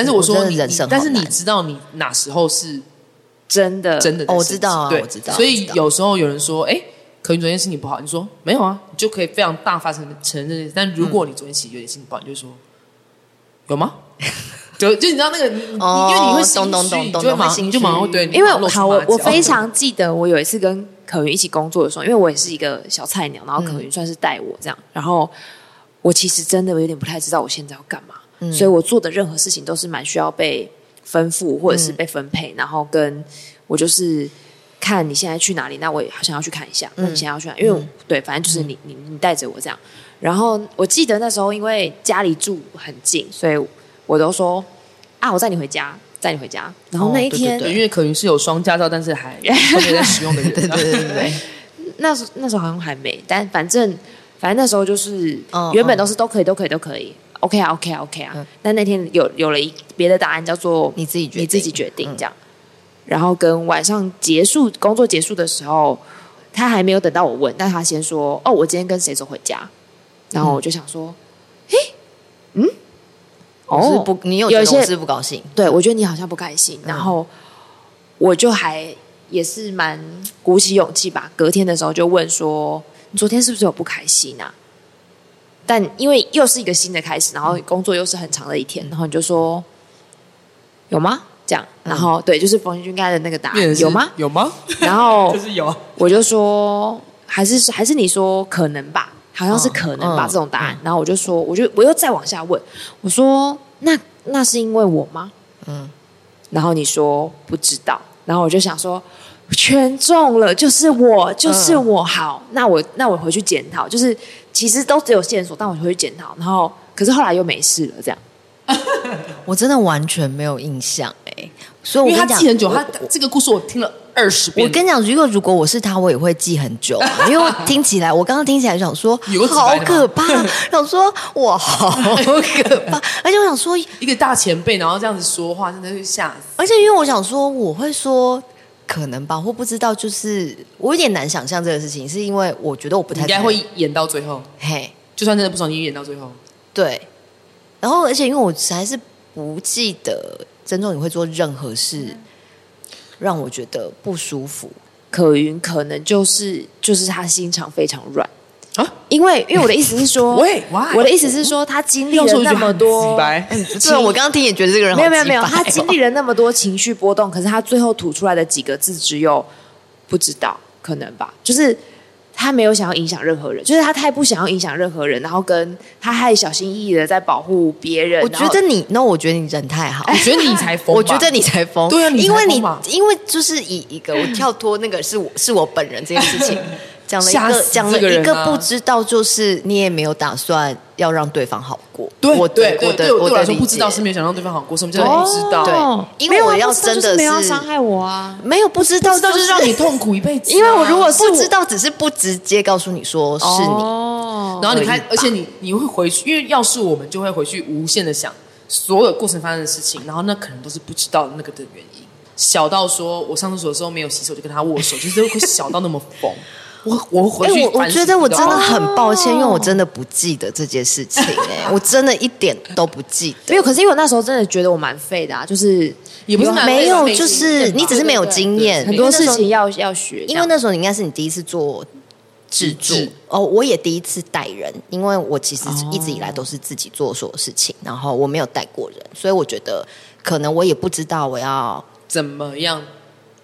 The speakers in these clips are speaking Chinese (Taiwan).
但是我說你我真的，但是你知道你哪時候是真的，真的？真的，的、哦，我知道、啊、我知道、啊。所以有時候有人說：“哎、啊欸，可云昨天心情不好。”你說沒有啊？你就可以非常大發聲承認，但如果你昨天其實有點心情不好，你就說：“有嗎？”有、嗯、就，就你知道那個，哦、因為你會、哦、你會咚，咚，咚，咚，你咚咚咚咚咚心虛，就對。因為好，我我非常記得我有一次跟可云一起工作的時候，因為我也是一個小菜鳥，然後可云算是帶我這樣。然後我其實真的有點不太知道我現在要幹嘛。所以我做的任何事情都是蠻需要被吩咐或者是被分配，嗯、然後跟我就是看你現在去哪裡，那我也好想要去看一下，那、嗯、想要去哪，嗯？因為對，反正就是你、嗯、你你帶着我這樣。然後我記得那時候因為家裡住很近，所以我都說啊，我載你回家，載你回家。然後那一天，哦、對、對、對，因為可云是有雙駕照，但是還特別在使用的人。 對、對對對對對。那時那時候好像還沒，但反正反正那時候就是原本都是都可以，都可以，都可以。嗯 OK 啊，OK 啊，OK 啊。但、okay 啊 okay 啊嗯、那天有有了一別的答案，叫做你自己決定你自己決定這樣。嗯、然後跟晚上結束工作結束的時候，他還沒有等到我問，但他先說：“哦，我今天跟誰走回家？”嗯、然後我就想說：“嘿，嗯，哦，是不你有有些是不高興？對，我覺得你好像不開心。嗯”然後我就還也是蠻鼓起勇氣吧。隔天的時候就問說：“你昨天是不是有不開心啊？”但因為又是一個新的開始，然後工作又是很長的一天，然後你就說、嗯、有嗎？這樣，然後、嗯、對，就是馮軍剛才的那個答案，有嗎？有嗎？然後 就是有，我就說還是還是你說可能吧，好像是可能吧、哦、這種答案、嗯，然後我就說，我就我又再往下問，我說那那是因為我嗎？嗯，然後你說不知道，然後我就想說。全中了，就是我，就是我。嗯、好，那我那我回去檢討。就是其實都只有線索，但我回去檢討。然後，可是後來又沒事了，這樣。我真的完全沒有印象哎、欸，所以我跟你講，因為他記很久，他這個故事我聽了二十遍。我，我跟你講，如果如果我是他，我也會記很久， 因為我聽起來，我剛剛聽起來想說，好可怕， 想說我好可怕， 而且我想說，一個大前輩然後這樣子說話，真的是嚇死。而且因為我想說，我會說。可能吧，或不知道，就是我有點難想象這個事情，是因為我覺得我不太應該會演到最後。嘿，就算真的不爽，你演到最後。對，然後而且因為我還是不記得仲儀，你會做任何事，嗯，讓我覺得不舒服。可云可能就是就是他心腸非常軟。啊，因為因為我的意思是說，我的意思是說，他經歷了那麼多，對，我剛剛聽也覺得這個人沒有沒有沒有，他經歷了那麼多情緒波動，可是他最後吐出來的幾個字只有不知道，可能吧，就是他沒有想要影響任何人，就是他太不想要影響任何人，然後跟他太小心翼翼的在保護別人。我覺得你、no，那我覺得你人太好，我覺得你才瘋、啊，我覺得你才瘋，對啊，因為你因為就是以一個我跳脫那個是我是我本人這件事情。 講了一個，個、啊，講了一個不知道，就是你也沒有打算要讓對方好過。對，我對，對，我的對，對我來說，不知道是沒有想讓對方好過，什麼叫不知道？對，因為我要真的沒有、就是、沒有傷害我啊，沒有不知道就是讓你痛苦一輩子、啊。因為我如果我不知道，只是不直接告訴你說是你，哦、然後你看，而且你你會回去，因為要是我們就會回去無限的想所有過程發生的事情，然後那可能都是不知道那個的原因，小到說我上廁所的時候沒有洗手就跟他握手，就是會小到那麼瘋。 我我回去，哎、欸，我我覺得我真的很抱歉，哦，因為我真的不記得這件事情哎、欸， 我真的一點都不記得。沒有，可是因為我那時候真的覺得我蠻廢的啊，就是也不是沒有，沒有，就是，就是你只是沒有經驗，對對很多事情要要學。因為那時候你應該是你第一次做制注哦，我也第一次帶人，因為我其實一直以來都是自己做所有事情，哦，然後我沒有帶過人，所以我覺得可能我也不知道我要怎麼樣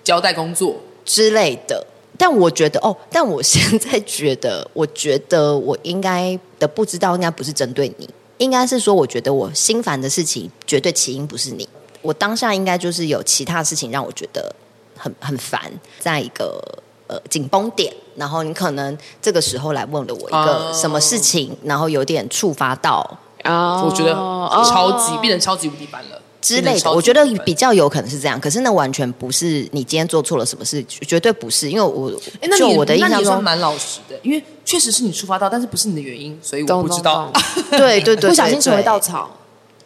交代工作之類的。但我覺得哦，但我現在覺得，我覺得我應該的不知道，應該不是針對你，應該是說，我覺得我心煩的事情絕對起因不是你，我當下應該就是有其他事情讓我覺得很很煩，在一個呃緊繃點，然後你可能這個時候來問了我一個什麼事情，uh, 然後有點觸發到啊，uh, uh, 我覺得超級、uh, 變成超級無敵版了。之類的，我覺得比較有可能是這樣。可是那完全不是你今天做錯了什麼事，絕對不是。因為我、欸、那就我的印象中蠻老實的，因為確實是你觸發到，但是不是你的原因，所以我不知道。Don't don't don't. 對對對，不小心成為稻草。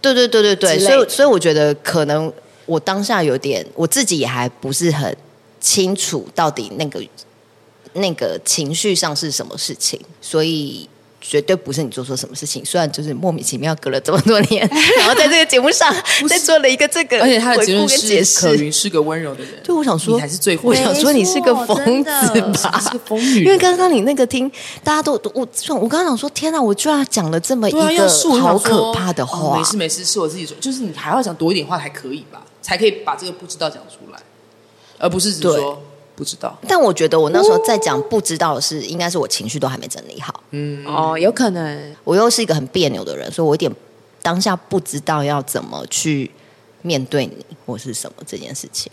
對對對對對，對，對，所以所以我覺得可能我當下有點，我自己也還不是很清楚到底那個那個情緒上是什麼事情，所以。絕對不是你做錯什麼事情，雖然就是莫名其妙隔了這麼多年，哎、然後在這個節目上再做了一個這個，而且他的結論是可雲是個溫柔的人。對，我想說，你才是最沒我想說你是個瘋子吧？因為剛剛你那個聽，大家都我我剛剛想說，天哪！我居然講了這麼一個好可怕的話。哦、沒事沒事，是我自己說，就是你還要講多一點話才可以吧？才可以把這個不知道講出來，而不是只是說。不知道，但我覺得我那時候在講不知道的是，應該是我情緒都還沒整理好。嗯，哦，有可能，我又是一個很彆扭的人，所以我一點當下不知道要怎麼去面對你或是什麼這件事情。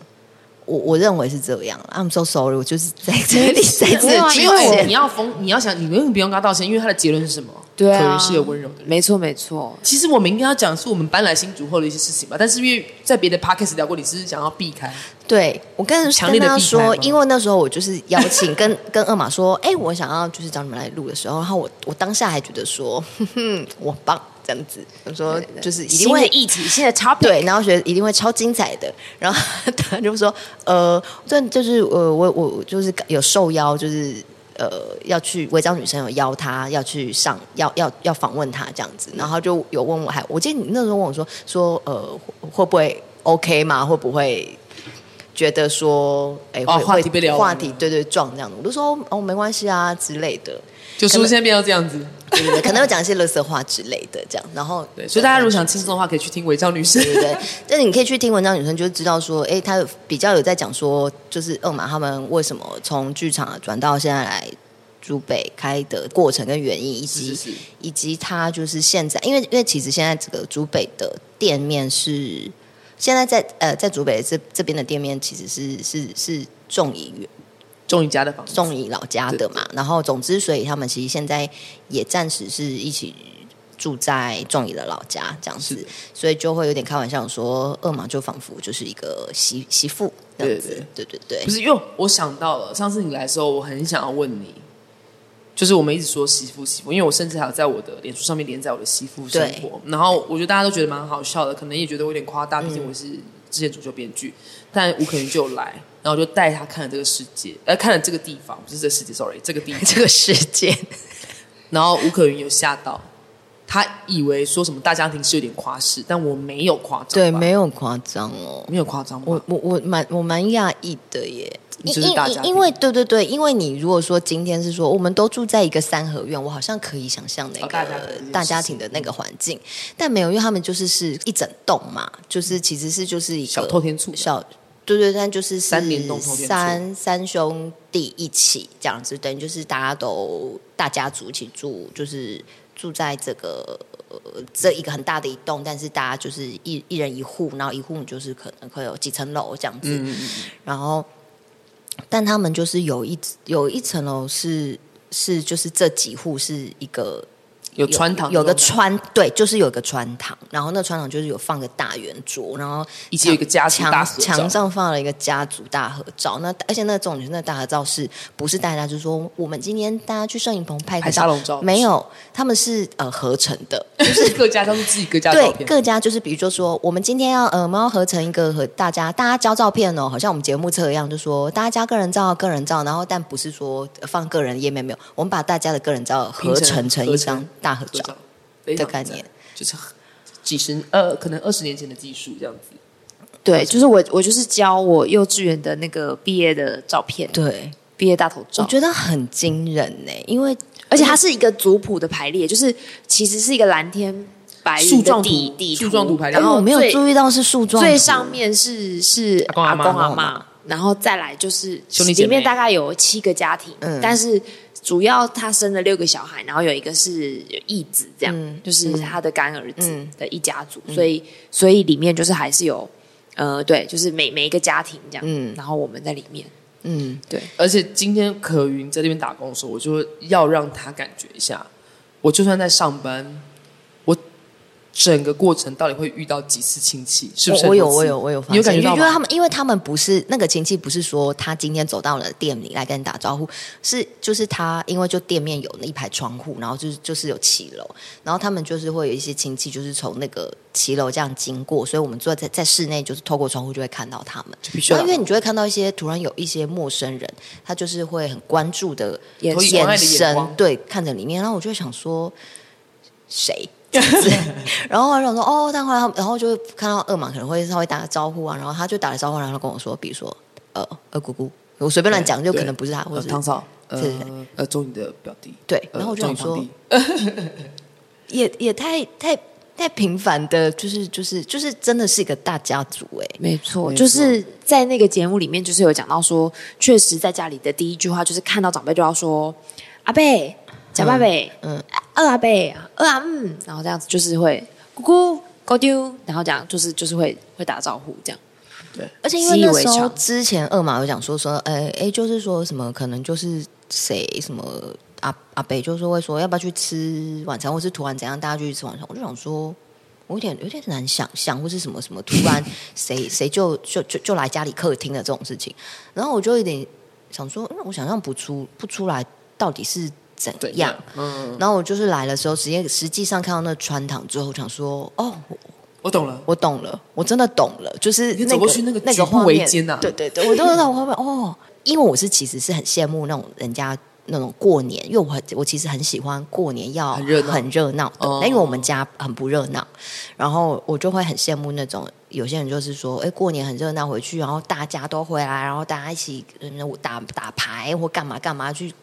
我我認為是這樣。I'm so sorry，我就是在這裡、啊，在這、啊、因為我你要瘋，你要想，你永遠不用跟他道歉，因為他的結論是什麼？對、啊，可能是有溫柔的人，沒錯沒錯。其實我們應該要講的是我們搬來新竹後的一些事情吧。但是因為在別的 podcast 聊過，你只是，是想要避開。對，我跟跟他說強的，因為那時候我就是邀請跟 跟二馬說，哎、欸，我想要就是找你們來錄的時候，然後我我當下還覺得說，哼哼，我棒這樣子，我說對對對就是一定會一起，現在差不多。對，然後覺得一定會超精彩的，然後他就說，呃，對，就是呃，我我，我就是有受邀，就是呃要去違章女生有邀他要去上，要要要訪問他這樣子，然後就有問我還，還我記得你那時候問我說，說呃會不會 OK 嗎？會不會？覺得說，哎、欸哦，話題被聊了，話題對對撞這樣我都說哦，沒關係啊之類的，就書現在變到這樣子，可能要講一些垃圾話之類的這樣，然後對、嗯，所以大家如果想輕鬆的話，可以去聽文章女生對，對，對，對，但你可以去聽文章女生，就是知道說，哎，他比較有在講說，就是二馬他們為什麼從劇場轉到現在來竹北開的過程跟原因，以及是是是以及他就是現在，因為因為其實現在這個竹北的店面是。現在在呃，在竹北這這邊的店面其實是是是仲儀，仲儀家的房子，仲儀老家的嘛。然後總之，所以他們其實現在也暫時是一起住在仲儀的老家這樣子。所以就會有點開玩笑說，二馬就仿佛就是一個媳媳婦這樣子。對對對，對，對，對，不是，因為我想到了上次你來的時候，我很想要問你。就是我們一直說媳婦媳婦，因為我甚至還有在我的臉書上面連載我的媳婦生活。然後我覺得大家都覺得蠻好笑的，可能也覺得我有點誇大，嗯、畢竟我是之前足球編劇。但吳可雲就來，然後就帶他看了這個世界，來、呃、看了這個地方，不是這個世界，sorry，這個地方，這個世界。然後吳可雲有嚇到，他以為說什麼大家庭是有點誇飾，但我沒有誇張，對，沒有誇張哦，沒有誇張，我我我蠻我蠻訝異的耶。因因因為對對對，因為你如果說今天是說我們都住在一個三合院，我好像可以想象那個大家庭的那個環境，但沒有，因為他們就是是一整棟嘛，就是其實是就是一個小透天厝，小，對，對對，但就是三三三兄弟一起這樣子，等於就是大家都大家族一起住，就是住在這個、呃、這一個很大的一棟，但是大家就是一一人一戶，然後一戶就是可能會有幾層樓這樣子，嗯嗯嗯，然後。但他們就是有一有一層樓是是就是這幾戶是一個。有穿堂，有個穿，對，就是有個穿堂，然後那穿堂就是有放個大圓桌，然後以及有一個家族大合照，牆上放了一個家族大合照。那而且那種重點是，那個、大合照是不是大家就是說，我們今天大家去攝影棚拍一個合照，拍沙龍照？沒有，他們是呃合成的，就是， 就是各家都是自己各家對各家就是比如說說，說我們今天要呃，我們要合成一個和大家，大家交照片哦，好像我們節目冊一樣，就說大家交個人照、個人照，然後但不是說放個人頁面沒有，我們把大家的個人照合成成，成一張。大合照的概念，非常非常就是幾十呃，可能二十年前的技術這樣子。對，就是我我就是教我幼稚園的那個畢業的照片，對，畢業大頭照，我覺得很驚人呢。因為而且它是一個族譜的排列，就是其實是一個藍天白雲的地樹狀地圖，樹狀圖排列，然後我沒有注意到是樹狀，最上面是是阿公阿嬤，然後再來就是兄弟裡面大概有七個家庭，嗯，但是。主要他生了六個小孩，然後有一個是義子，這樣、嗯就是、就是他的乾兒子的一家族，嗯、所以所以裡面就是還是有呃，對，就是每每一個家庭這樣、嗯，然後我們在裡面，嗯，對。而且今天可雲在這邊打工的時候，我就要讓他感覺一下，我就算在上班。整個過程到底會遇到幾次親戚？是不是？我有，我有，我有發現。有感覺到嗎？因為他們，因為他們不是那個親戚，不是說他今天走到了店裡來跟你打招呼，是就是他，因為就店面有那一排窗戶，然後就是就是有騎樓，然後他們就是會有一些親戚，就是從那個騎樓這樣經過，所以我們坐在在室內，就是透過窗戶就會看到他們。必須因為你就會看到一些突然有一些陌生人，他就是會很關注的，眼，關愛的眼光，眼神對看着裡面，然後我就會想說，誰？這樣子， 然後我想說哦，但後來他，然後就看到二馬，可能會稍微打個招呼啊，然後他就打了招呼，然後他跟我說，比如說呃，呃，二姑姑，我隨便亂講，欸，就可能不是他，或者堂嫂，對對呃，仲儀的表弟，對、呃，然後我就想說， 也也太太太平凡的，就是就是就是，真的是一個大家族，哎，沒錯，就是在那個節目裡面，就是有講到說，確實，在家裡的第一句話就是看到長輩就要說阿伯。小阿貝，嗯，二阿伯，二、嗯、阿嗯，然後這樣子就是會咕咕高丟，然後這樣就是就是會會打招呼這樣，對。而且因為那時候為之前二馬有講說說，誒哎，哎，就是說什麼可能就是誰什麼阿阿伯，就是說會說要不要去吃晚餐，或是突然怎樣大家就去吃晚餐，我就想說，我有點有點難想象，或是什麼什麼突然誰誰就就就就來家裡客廳的這種事情，然後我就有點想說，那、嗯、我想象不出不出來到底是。怎樣？對啊，嗯，然後我就是來的時候，直接實際上看到那穿堂之後，想說哦，我懂了，我懂了，我真的懂了，就是那個你去那個畫、啊那個、面吶，對對對，我都知道我後面哦，因為我是其實是很羨慕那種人家那種過年，因為我我其實很喜歡過年，要很熱鬧的，那因為我們家很不熱鬧、哦，然後我就會很羨慕那種有些人就是說，哎，過年很熱鬧，回去然後大家都回來，然後大家一起、嗯、打打牌或幹嘛幹嘛去。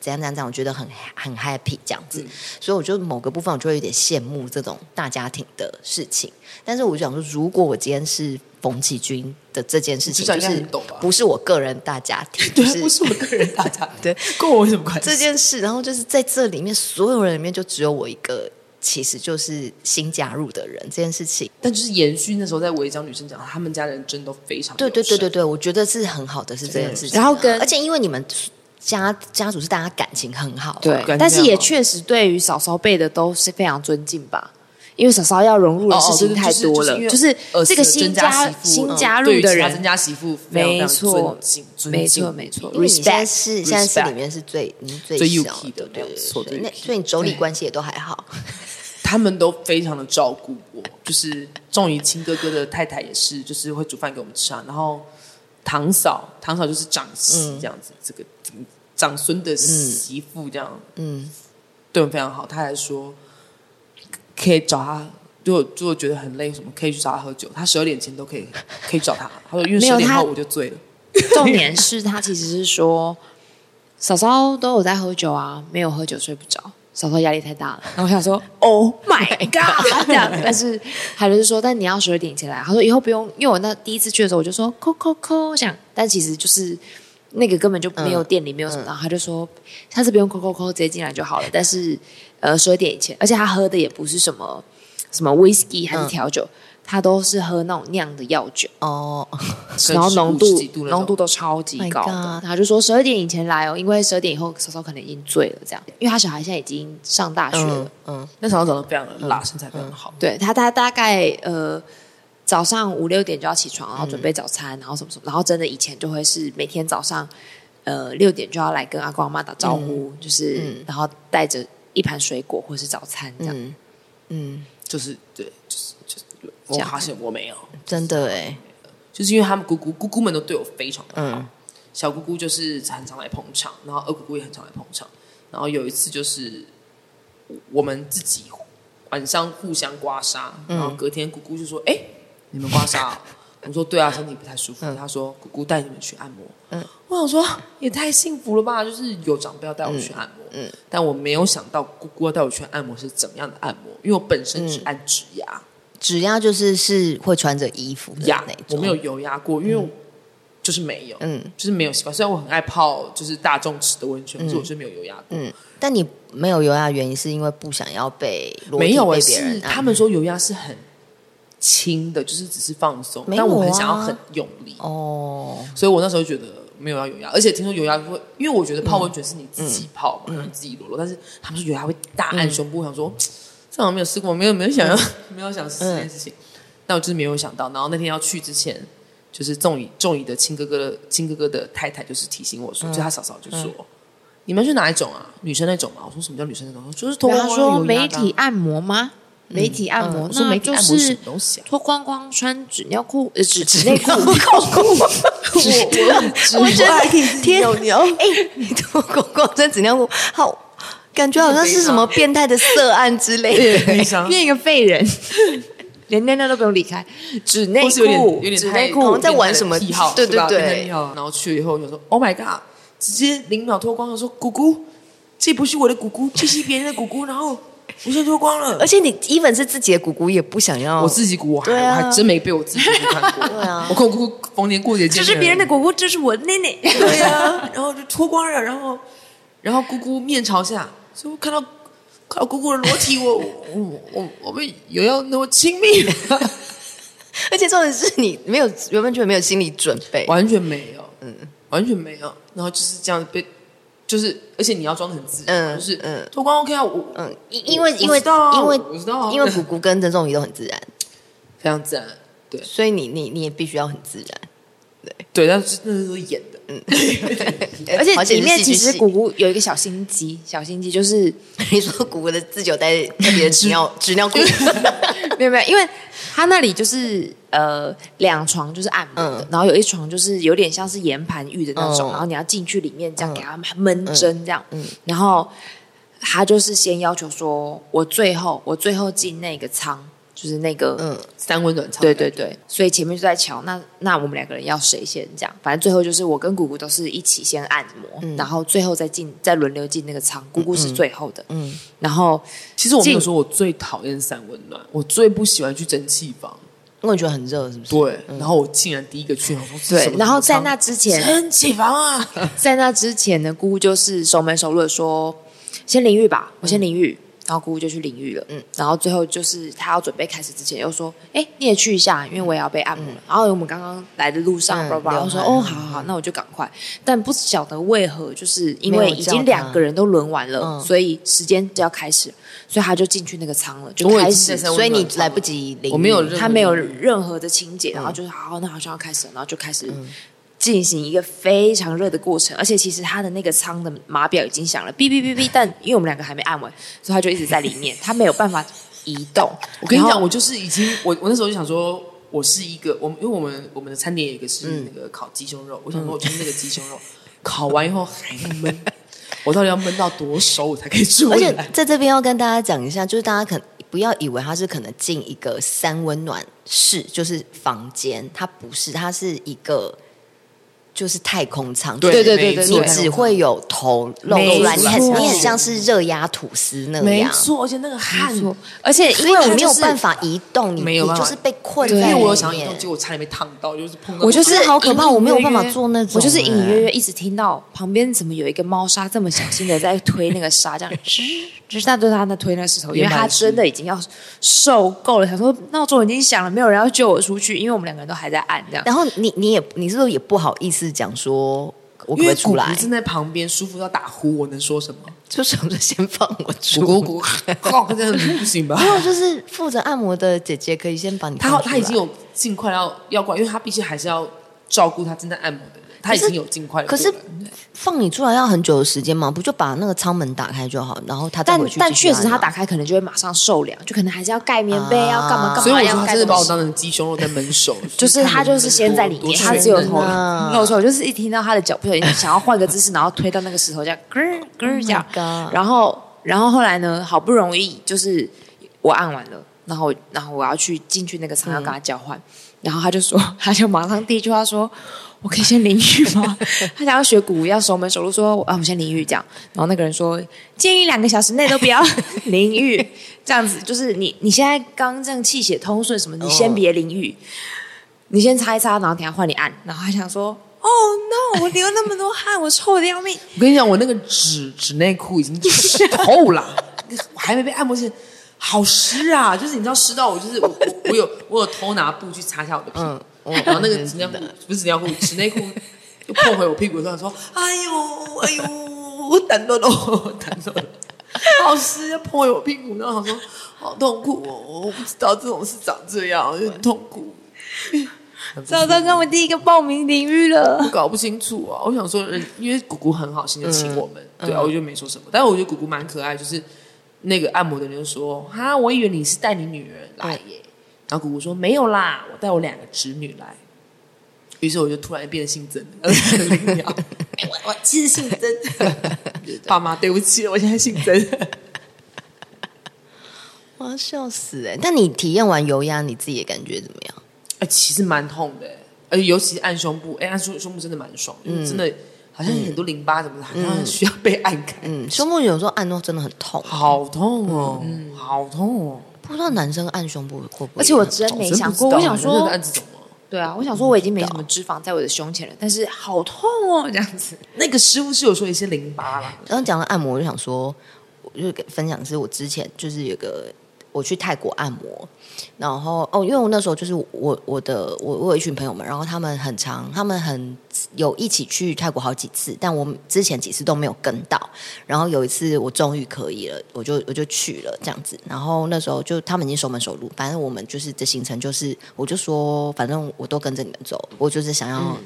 怎樣怎樣，我覺得很很 happy 這樣子，嗯，所以我覺得某個部分我就會有點羨慕這種大家庭的事情。但是我就想說，如果我今天是馮繼軍的這件事情，不是不是我個人大家庭，嗯就是，是家庭 對，就是，不是我個人大家庭， 對，跟我有什麼關係？這件事，然後就是在這裡面所有人裡面，就只有我一個，其實就是新加入的人這件事情。但就是延續那時候在圍剿女生講，他們家人真的都非常對對對對對，我覺得是很好的是這件事情。然後跟而且因為你們。家家族是大家感情很好，對、啊好，但是也確實對於嫂嫂輩的都是非常尊敬吧，因為嫂嫂要融入的事情太多了哦哦、就是就是就是，就是這個新家、呃、新加入的人，嗯、對他增加媳婦非常非常尊敬、尊敬，沒錯沒錯。沒錯，因為你現在是現在是裡面是最你是最最幼小的，的對對對，所以你妯娌關係也都還好，他們都非常的照顧我，就是重於親哥哥的太太也是，就是會煮飯給我們吃啊，然後。堂嫂，堂嫂就是長媳這樣子，嗯、這個長孫的媳婦這樣，嗯，對我非常好。他還說可以找他，如果如果覺得很累什麼，可以去找他喝酒。他十二點前都可以，可以找他。他說，因為十二點後我就醉了。重點是他其實是說， 嫂嫂都有在喝酒啊，沒有喝酒睡不着。嫂嫂壓力太大了，然後我想說，Oh my god，這樣，但是海倫 就說，但你要十二點前來。他說以後不用，因為我那第一次去的時候，我就說，扣扣扣，想。但其實就是那個根本就沒有店裡、嗯、沒有什麼，然後他就說，下次不用扣扣扣，直接進來就好了。但是呃，十二點以前，而且他喝的也不是什麼什麼 whisky 還是調酒。嗯他都是喝那種釀的藥酒哦， 然後濃度 濃度都超級高的。 他就說十二點以前來哦，因為十二點以後嫂嫂可能已經醉了，這樣。因為他小孩現在已經上大學了，嗯，嗯那嫂嫂長得非常的辣、嗯，身材非常好。嗯、對他大大概呃早上五六點就要起床，然後準備早餐、嗯，然後什麼什麼，然後真的以前就會是每天早上呃六點就要來跟阿公阿媽打招呼、嗯，就是、嗯、然後帶着一盤水果或者是早餐這樣，嗯，嗯就是對。我發現好像我沒有真的哎，就是因為他們姑姑姑姑們都對我非常的好，嗯、小姑姑就是很常來捧場，然後二姑姑也很常來捧場，然後有一次就是我們自己晚上互相刮痧，嗯、然後隔天姑姑就說：“哎、嗯欸，你們刮痧？” 我說：“對啊，身體不太舒服。嗯”他說：“姑姑帶你們去按摩。”嗯，我想說也太幸福了吧，就是有長輩要帶我去按摩，嗯、但我沒有想到姑姑要帶我去按摩是怎樣的按摩，因為我本身只按指壓。嗯嗯只要就是是會穿着衣服壓那種，yeah, 我沒有油壓過，因為、嗯、就是沒有，嗯，就是沒有習慣。雖然我很愛泡就是大眾池的溫泉，所、嗯、是我是沒有油壓過。嗯，但你沒有油壓的原因是因為不想要被,裸被沒有啊，是他們說油壓是很輕的、嗯，就是只是放鬆、啊，但我很想要很用力哦。所以我那時候覺得沒有要油壓，而且聽說油壓會，因為我覺得泡溫泉是你自己泡嘛，你、嗯嗯、自己裸露，但是他們說油壓會大按胸部、嗯，我想說。但我沒有試過，我沒有沒有想要，嗯、沒有想試這件事情、嗯。但我就是沒有想到，然後那天要去之前，就是仲儀仲儀的親哥哥的親哥哥的太太就是提醒我說，就、嗯、他嫂嫂就說、嗯：“你們是哪一種啊？女生那種啊？」「我說：“什麼叫女生那種？就是同光說美體按摩嗎？美體按摩？那沒就是脫光光穿紙尿褲呃紙紙尿褲、內 褲尿褲、內褲嗎？我 我我覺得還可以，天牛哎、欸，你脫光光穿紙尿褲好。”感覺好像是什麼變態的色案之類的、欸，變一個廢人， 連尿尿都不用離開紙內褲，紙內褲好像在玩什麼癖好？對對對，對，對，然後去了以後我就說：“Oh my god！” 直接零秒脫光了，我說：“姑姑，這不是我的姑姑，這是別人的姑姑。 ”然後完全脫光了，而且你 even 是自己的姑姑，也不想要。我自己姑姑，對、啊、我還真沒被我自己姑姑看過。 對啊、我姑姑逢年過節見，這是別人的姑姑，這是我的奶奶。對呀、啊， 然後就脫光了，然後 然後姑姑面朝下。就看到看到姑姑的裸體我 我，我我我我們有要那麼親密， 而且重點是你沒有完全沒有心理準備，完全沒有，嗯，完全沒有，然後就是這樣被，就是而且你要裝得很自然，嗯、就是嗯，脫光 OK 啊，我嗯，因因為因為因為我知道、啊，因為姑姑、啊啊、跟鄭仲儀都很自然，非常自然，對，所以你你你也必須要很自然，對，對，但、就是那是都是演的。嗯 而且裡面其實姑姑有一個小心機，小心機就是、嗯、你說姑姑的自己有帶特別紙尿紙 尿褲骨， 沒有沒有，因為他那裡就是呃兩床就是按摩的，嗯、然後有一床就是有點像是岩盤浴的那種，嗯、然後你要進去裡面這樣給他悶蒸這樣，嗯嗯，然後他就是先要求說我最後我最後進那個艙。就是那個、嗯、三溫暖艙，對對對，所以前面就在喬，那那我們兩個人要誰先這樣，反正最後就是我跟姑姑都是一起先按摩，嗯、然後最後再進再輪流進那個艙、嗯，姑姑是最後的。嗯，然後其實我沒有說我最討厭三溫暖，我最不喜歡去蒸汽房，因為我覺得很熱，是不是？對。嗯、然後我竟然第一個去，對。然後在那之前，蒸汽房啊， 在那之前呢，姑姑就是熟門熟路，說先淋浴吧，我先淋浴。嗯然後姑姑就去淋浴了，嗯，然後最後就是他要準備開始之前，嗯、又說：“哎，你也去一下，嗯，因為我也要被按摩。嗯”然後我們剛剛來的路上，嗯、罷罷然後說，嗯：“哦，好好好，嗯、那我就趕快。嗯”但不曉得為何，就是因為已經兩個人都輪完了，嗯，所以時間就要開始，所以他就進去那個艙了，就開始。所以你來不及淋，我沒有他沒有任何的清潔，嗯，然後就是好，那好像要開始了，然後就開始。嗯進行一個非常熱的過程，而且其實他的那個倉的碼錶已經響了，嗶嗶嗶嗶。但因為我們兩個還沒按完，所以他就一直在裡面，他 沒有辦法移動。我跟你講，我就是已經，我我那時候就想說，我是一個，我們因為我們我們的餐點有一個是那個烤雞胸肉、嗯，我想說，我吃那個雞胸肉烤完以後還悶， 我到底要悶到多熟我才可以出？而且在這邊要跟大家講一下，就是大家可不要以為他是可能進一個三溫暖室，就是房間，它不是，它是一個。就是太空艙，對對對對，你只會有頭露出來，你很你很像是熱壓吐司那樣，沒錯，而且那個汗，而且因為，因為、就是、我沒有辦法移動，你沒有，你就是被困在對。因為我想移動，結果差點被燙到，就是碰到。我就是好可怕，我沒有辦法做那種、嗯。我就是隱隱約約一直聽到旁邊怎麼有一個貓砂這麼小心的在推那個沙，這樣吱， 就是他在他那推那石頭，因為他真的已經要受夠了，想說鬧鐘已經響了，沒有人要救我出去，因為我們兩個人都還在按這樣。然後你你也你是不是也不好意思。講說，我可不會出來。你正在旁邊舒服到打呼，我能說什麼？就想着先放我出去。姑姑、哦，這樣不行吧？沒有就是負責按摩的姐姐可以先幫你。她她已經有盡快要要過來，因為她畢竟還是要照顧她正在按摩的人。他已經有盡快，可是放你出來要很久的時間嘛？不就把那個艙門打開就好，然後他、啊、但但確實他打開可能就會馬上受涼，啊、就可能還是要蓋棉被，啊、要幹嘛幹嘛。所以我他是把我當成雞胸肉在悶手， 就是他就是先在裡面， 他只有頭。沒有錯，我就是一聽到他的腳步聲， 想要換個姿勢，然後推到那個石頭這樣，咯咯一下、oh。然後然後後來呢，好不容易就是我按完了，然後然後我要去進去那個艙要、嗯、跟他交換，然後他就說，他就馬上第一句話說。我可以先淋浴嗎？ 他想要學古，要熟門熟路說，說啊，我先淋浴這樣。然後那個人說，建議兩個小時內都不要淋浴， 這樣子就是你你現在剛這樣氣血通順什麼，你先別淋浴，oh. 你先擦一擦，然後等下換你按。然後他想說，哦、oh,，o、no, 我流那麼多汗， 我臭的要命。我跟你講，我那個紙紙內褲已經濕 透了，我還沒被按摩前，好濕啊，就是你知道濕到我，就是我我，我有我有偷拿布去擦一下我的屁。嗯然、oh, 後、 啊、那個紙尿褲不是紙尿褲，紙內褲又碰回我屁股上，說：“哎呦哎呦，我膽斷了，哦，死了！ 好師又碰回我屁股，然後他說好痛苦哦，我不知道這種事長這樣，嗯、就很痛苦。嗯”早上跟我第一個報名領域了，我搞不清楚啊。我想說，因為姑姑很好心的請我們、嗯，對啊，我就沒說什麼。嗯、但是我覺得姑姑蠻可愛，就是那個按摩的人說：“哈、嗯，我以為你是帶你女人來耶。”然後姑姑說：“沒有啦，我帶我兩個侄女來。”於是我就突然變得姓曾了、呃 哎。我我其實姓曾， 爸媽，對不起，我現在姓曾， 我要笑死哎、欸！但你體驗完油壓，你自己的感覺怎麼樣？哎、欸，其實蠻痛的、欸，呃，尤其是按胸部，哎、欸，按胸胸部真的蠻爽，嗯、真的好像很多淋巴什麼的，嗯、好像很需要被按開、嗯。胸部有時候按的話真的很痛，好痛哦，嗯嗯、好痛哦。不知道男生按胸部會不會？而且我真的沒想過，我想說，對啊，我想說我已經沒什麼脂肪在我的胸前了，但是好痛哦，這樣子。那個師傅是有說一些淋巴了。剛剛講了按摩，我就想說，我就給分享是我之前就是有一個。我去泰國按摩，然後哦，因為我那時候就是我我的我我有一群朋友們，然後他們很常，他們很有一起去泰國好幾次，但我之前幾次都沒有跟到，然後有一次我終於可以了，我就我就去了這樣子，然後那時候就他們已經熟門熟路，反正我們就是這行程就是，我就說反正我都跟着你們走，我就是想要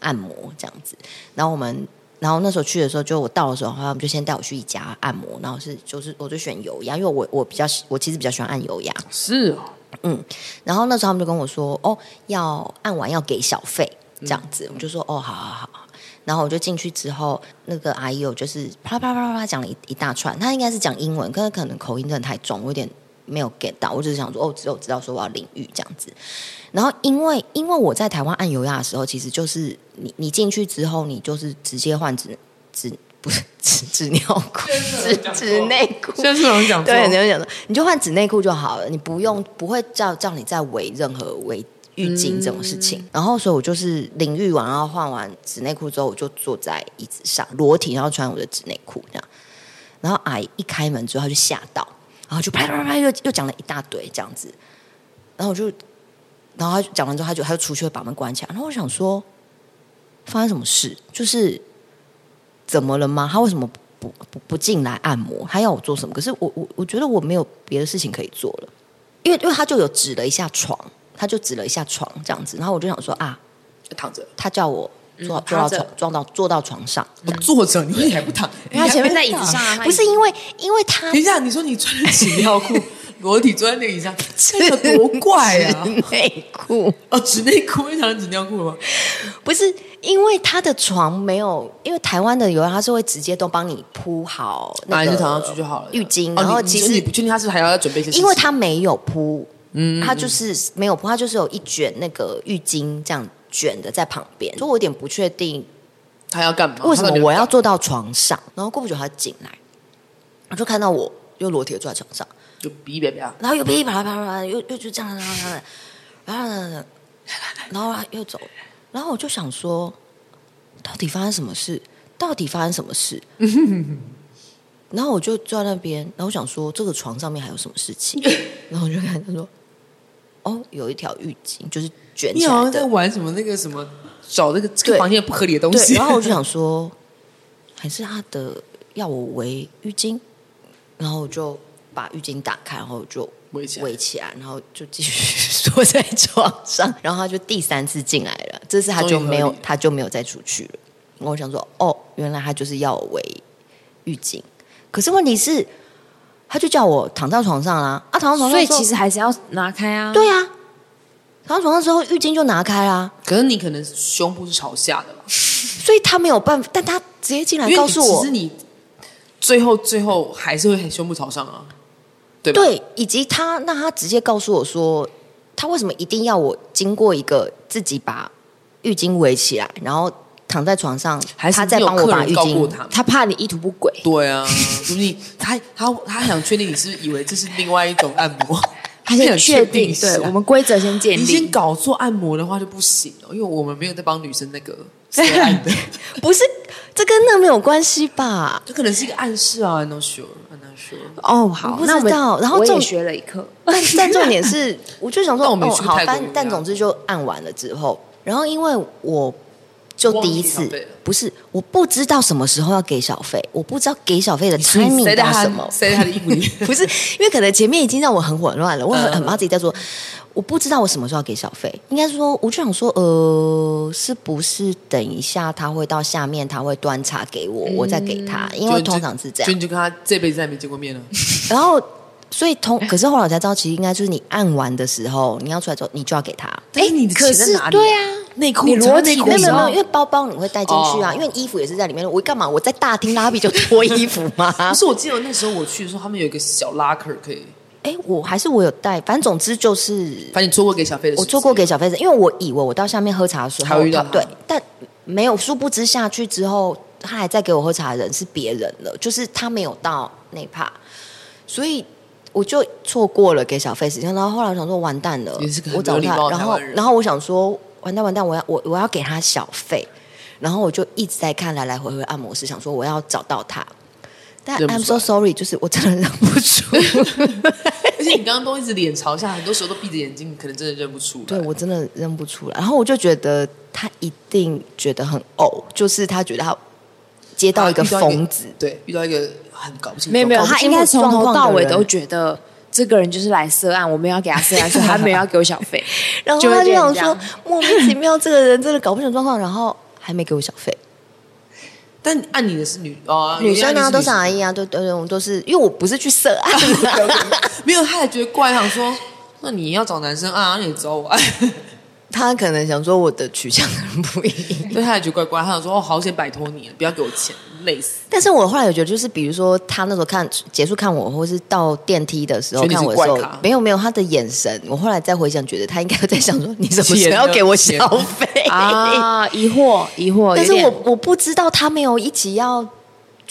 按摩這樣子，然後我們。然後那時候去的時候，就我到的時候，他們就先帶我去一家按摩，然後是就是我就選油壓，因為我我比較我其實比較喜歡按油壓。是啊，嗯。然後那時候他們就跟我說，哦，要按完要給小費，這樣子。我就說，哦，好好好。然後我就進去之後，那個阿姨我就是啪啪啪啪啪講了一一大串，他應該是講英文，可是可能口音真的太重，我有點沒有 get 到。我只是想說，哦，只有我知道說我要淋浴這樣子。然後，因為因為我在台灣按油壓的時候，其實就是你你進去之後，你就是直接換紙紙不是紙紙尿褲，紙紙，紙內褲，像這種講的，對，這種講的，你就換紙內褲就好了，你不用、嗯、不會叫叫你再圍任何圍浴巾這種事情。嗯、然後，所以我就是淋浴完，然後換完紙內褲之後，我就坐在椅子上，裸體，然後穿我的紙內褲這樣。然後，哎，一開門之後他就嚇到，然後就啪啪啪又又講了一大堆這樣子，然後我就。然後他講完之後，他就他就出去把門關起來。然後我想說，發生什麼事？就是怎麼了嗎？他為什麼不不不進來按摩？他要我做什麼？可是我我我覺得我沒有別的事情可以做了，因為因為他就有指了一下床，他就指了一下床這樣子。然後我就想說啊，躺着。他叫我坐到、嗯、坐到床，坐到坐到床上。我、哦、坐着，你也不躺？他前面在椅子上、啊。不是因為，因為他。等一下，你說你穿紙尿褲？ 裸體坐在那一下，這 個多怪啊！內褲哦，紙內褲，變成紙尿褲了嗎？不是，因為他的床沒有，因為台灣的有，他是會直接都幫你鋪好那個。那、啊、你就躺上去就好了，浴巾。然後其實、哦、你，你，你不確定他是還要準備一些。因為他沒有鋪，就是、嗯，嗯，嗯，他就是沒有鋪，他就是有一卷那個浴巾這樣卷的在旁邊。嗯嗯，所以我有點不確定他要幹嘛？為什麼我要坐到床上，然後過不久他進來，我、啊、就看到我又裸體坐在床上。就嗶嗶嗶，然後又嗶嗶、嗯、啪啪啪，又又就這樣，然後呢，然後又走，然後我就想說，到底發生什麼事？到底發生什麼事、嗯哼哼？然後我就坐在那邊，然後我想說，這個床上面還有什麼事情？嗯、然後我就看他說，哦，有一條浴巾，就是捲起來。你好像在玩什麼那個什麼，找那個這個房間不合理的東西。然後我就想說， 還是他的，要我圍浴巾，然後我就。把浴巾打開，然後就圍起來，圍起來然後就繼續 坐在床上。然後他就第三次進來了，這次他就沒有，他就沒有再出去了。我想說，哦，原來他就是要圍浴巾。可是問題是，他就叫我躺到床上啊，啊，躺到床上。所以其實還是要拿開啊。對啊，躺到床上之後浴巾就拿開啊。可是你可能胸部是朝下的嘛， 所以他沒有辦法。但他直接進來告訴我，其實你最後最後還是會胸部朝上啊。對，對，以及他，那他直接告訴我說，他為什麼一定要我經過一個自己把浴巾圍起來，然後躺在床上，還是他在幫我把浴巾？他怕你意圖不軌。對啊， 你他他他想確定你是不是以為這是另外一種按摩，還是確定？確定對我們規則先建立，你先搞錯按摩的話就不行了，因為我們沒有在幫女生那個接愛的， 不是，這跟那沒有關係吧？這可能是一個暗示啊，I'm not sure。哦，Oh, 好，不知道。然後就我也學了一課，但, 但重點是，我就想說，哦，好，但但總之就按完了之後，然後因為我就第一次，不是，我不知道什麼時候要給小費，我不知道給小費的 timing 是他什麼， 不是因為可能前面已經讓我很混亂了，我很、uh. 很怕自己在說。我不知道我什麼時候要給小費，應該是說我就想說，呃，是不是等一下他會到下面，他會端茶給我、嗯，我再給他，因為通常是這樣。你、嗯，就，就跟他這輩子再沒見過面了。 然後，所以同可是後來才知道，其實應該就是你按完的時候，你要出來之後，你就要給他。哎，欸，你的錢在哪裡是？對啊，內褲子、內褲子沒有沒有，沒有，因為包包你會帶進去啊，哦，因為衣服也是在裡面。我幹嘛？我在大廳拉比就脫衣服嘛？ 不是，我記得那時候我去的時候，他們有一個小拉克可以。哎，我還是我有帶，反正總之就是，反正你錯過給小費的，我錯過給小費的，因為我以為我到下面喝茶的時候，還有遇到對，但沒有，殊不知下去之後，他還在給我喝茶的人是別人了，就是他沒有到那怕，所以我就錯過了給小費時間。然後後來我想說，完蛋了，我找他，然後然後我想說，完蛋完蛋，我要我我要給他小費，然後我就一直在看來來回回按摩師，想說我要找到他。但 I'm so sorry，就是我真的認不出。 而且你剛剛都一直臉朝下，很多時候都閉着眼睛，你可能真的認不出來。對，我真的認不出來。然後我就覺得他一定覺得很嘔、哦，就是他覺得他接到一個瘋子，對，遇到一個很、啊、搞不清楚沒有，沒有，他應該從頭到尾都覺得 這個人就是來色按，我們要給他色按，所 以他沒有要給我小費。 然後他就想說， 莫名其妙，這個人真的搞不清楚狀況，然後還沒給我小費。但按你的是女啊、哦，女生啊、哦，都是阿姨啊，都都我們都是，因為我不是去色啊， 沒有，他還覺得怪，他想說，那你要找男生啊，那你找我。哎他可能想說我的取向很不一樣，所以他也覺得怪怪。他想說哦，好險擺脫你，不要給我錢，累死。但是我後來有覺得，就是比如說他那時候看結束看我，或是到電梯的時候看我的時候，沒有沒有他的眼神。我後來再回想，覺得他應該在想說，你什麼時候要給我消費啊？疑惑疑惑，但是我我不知道他沒有一起要。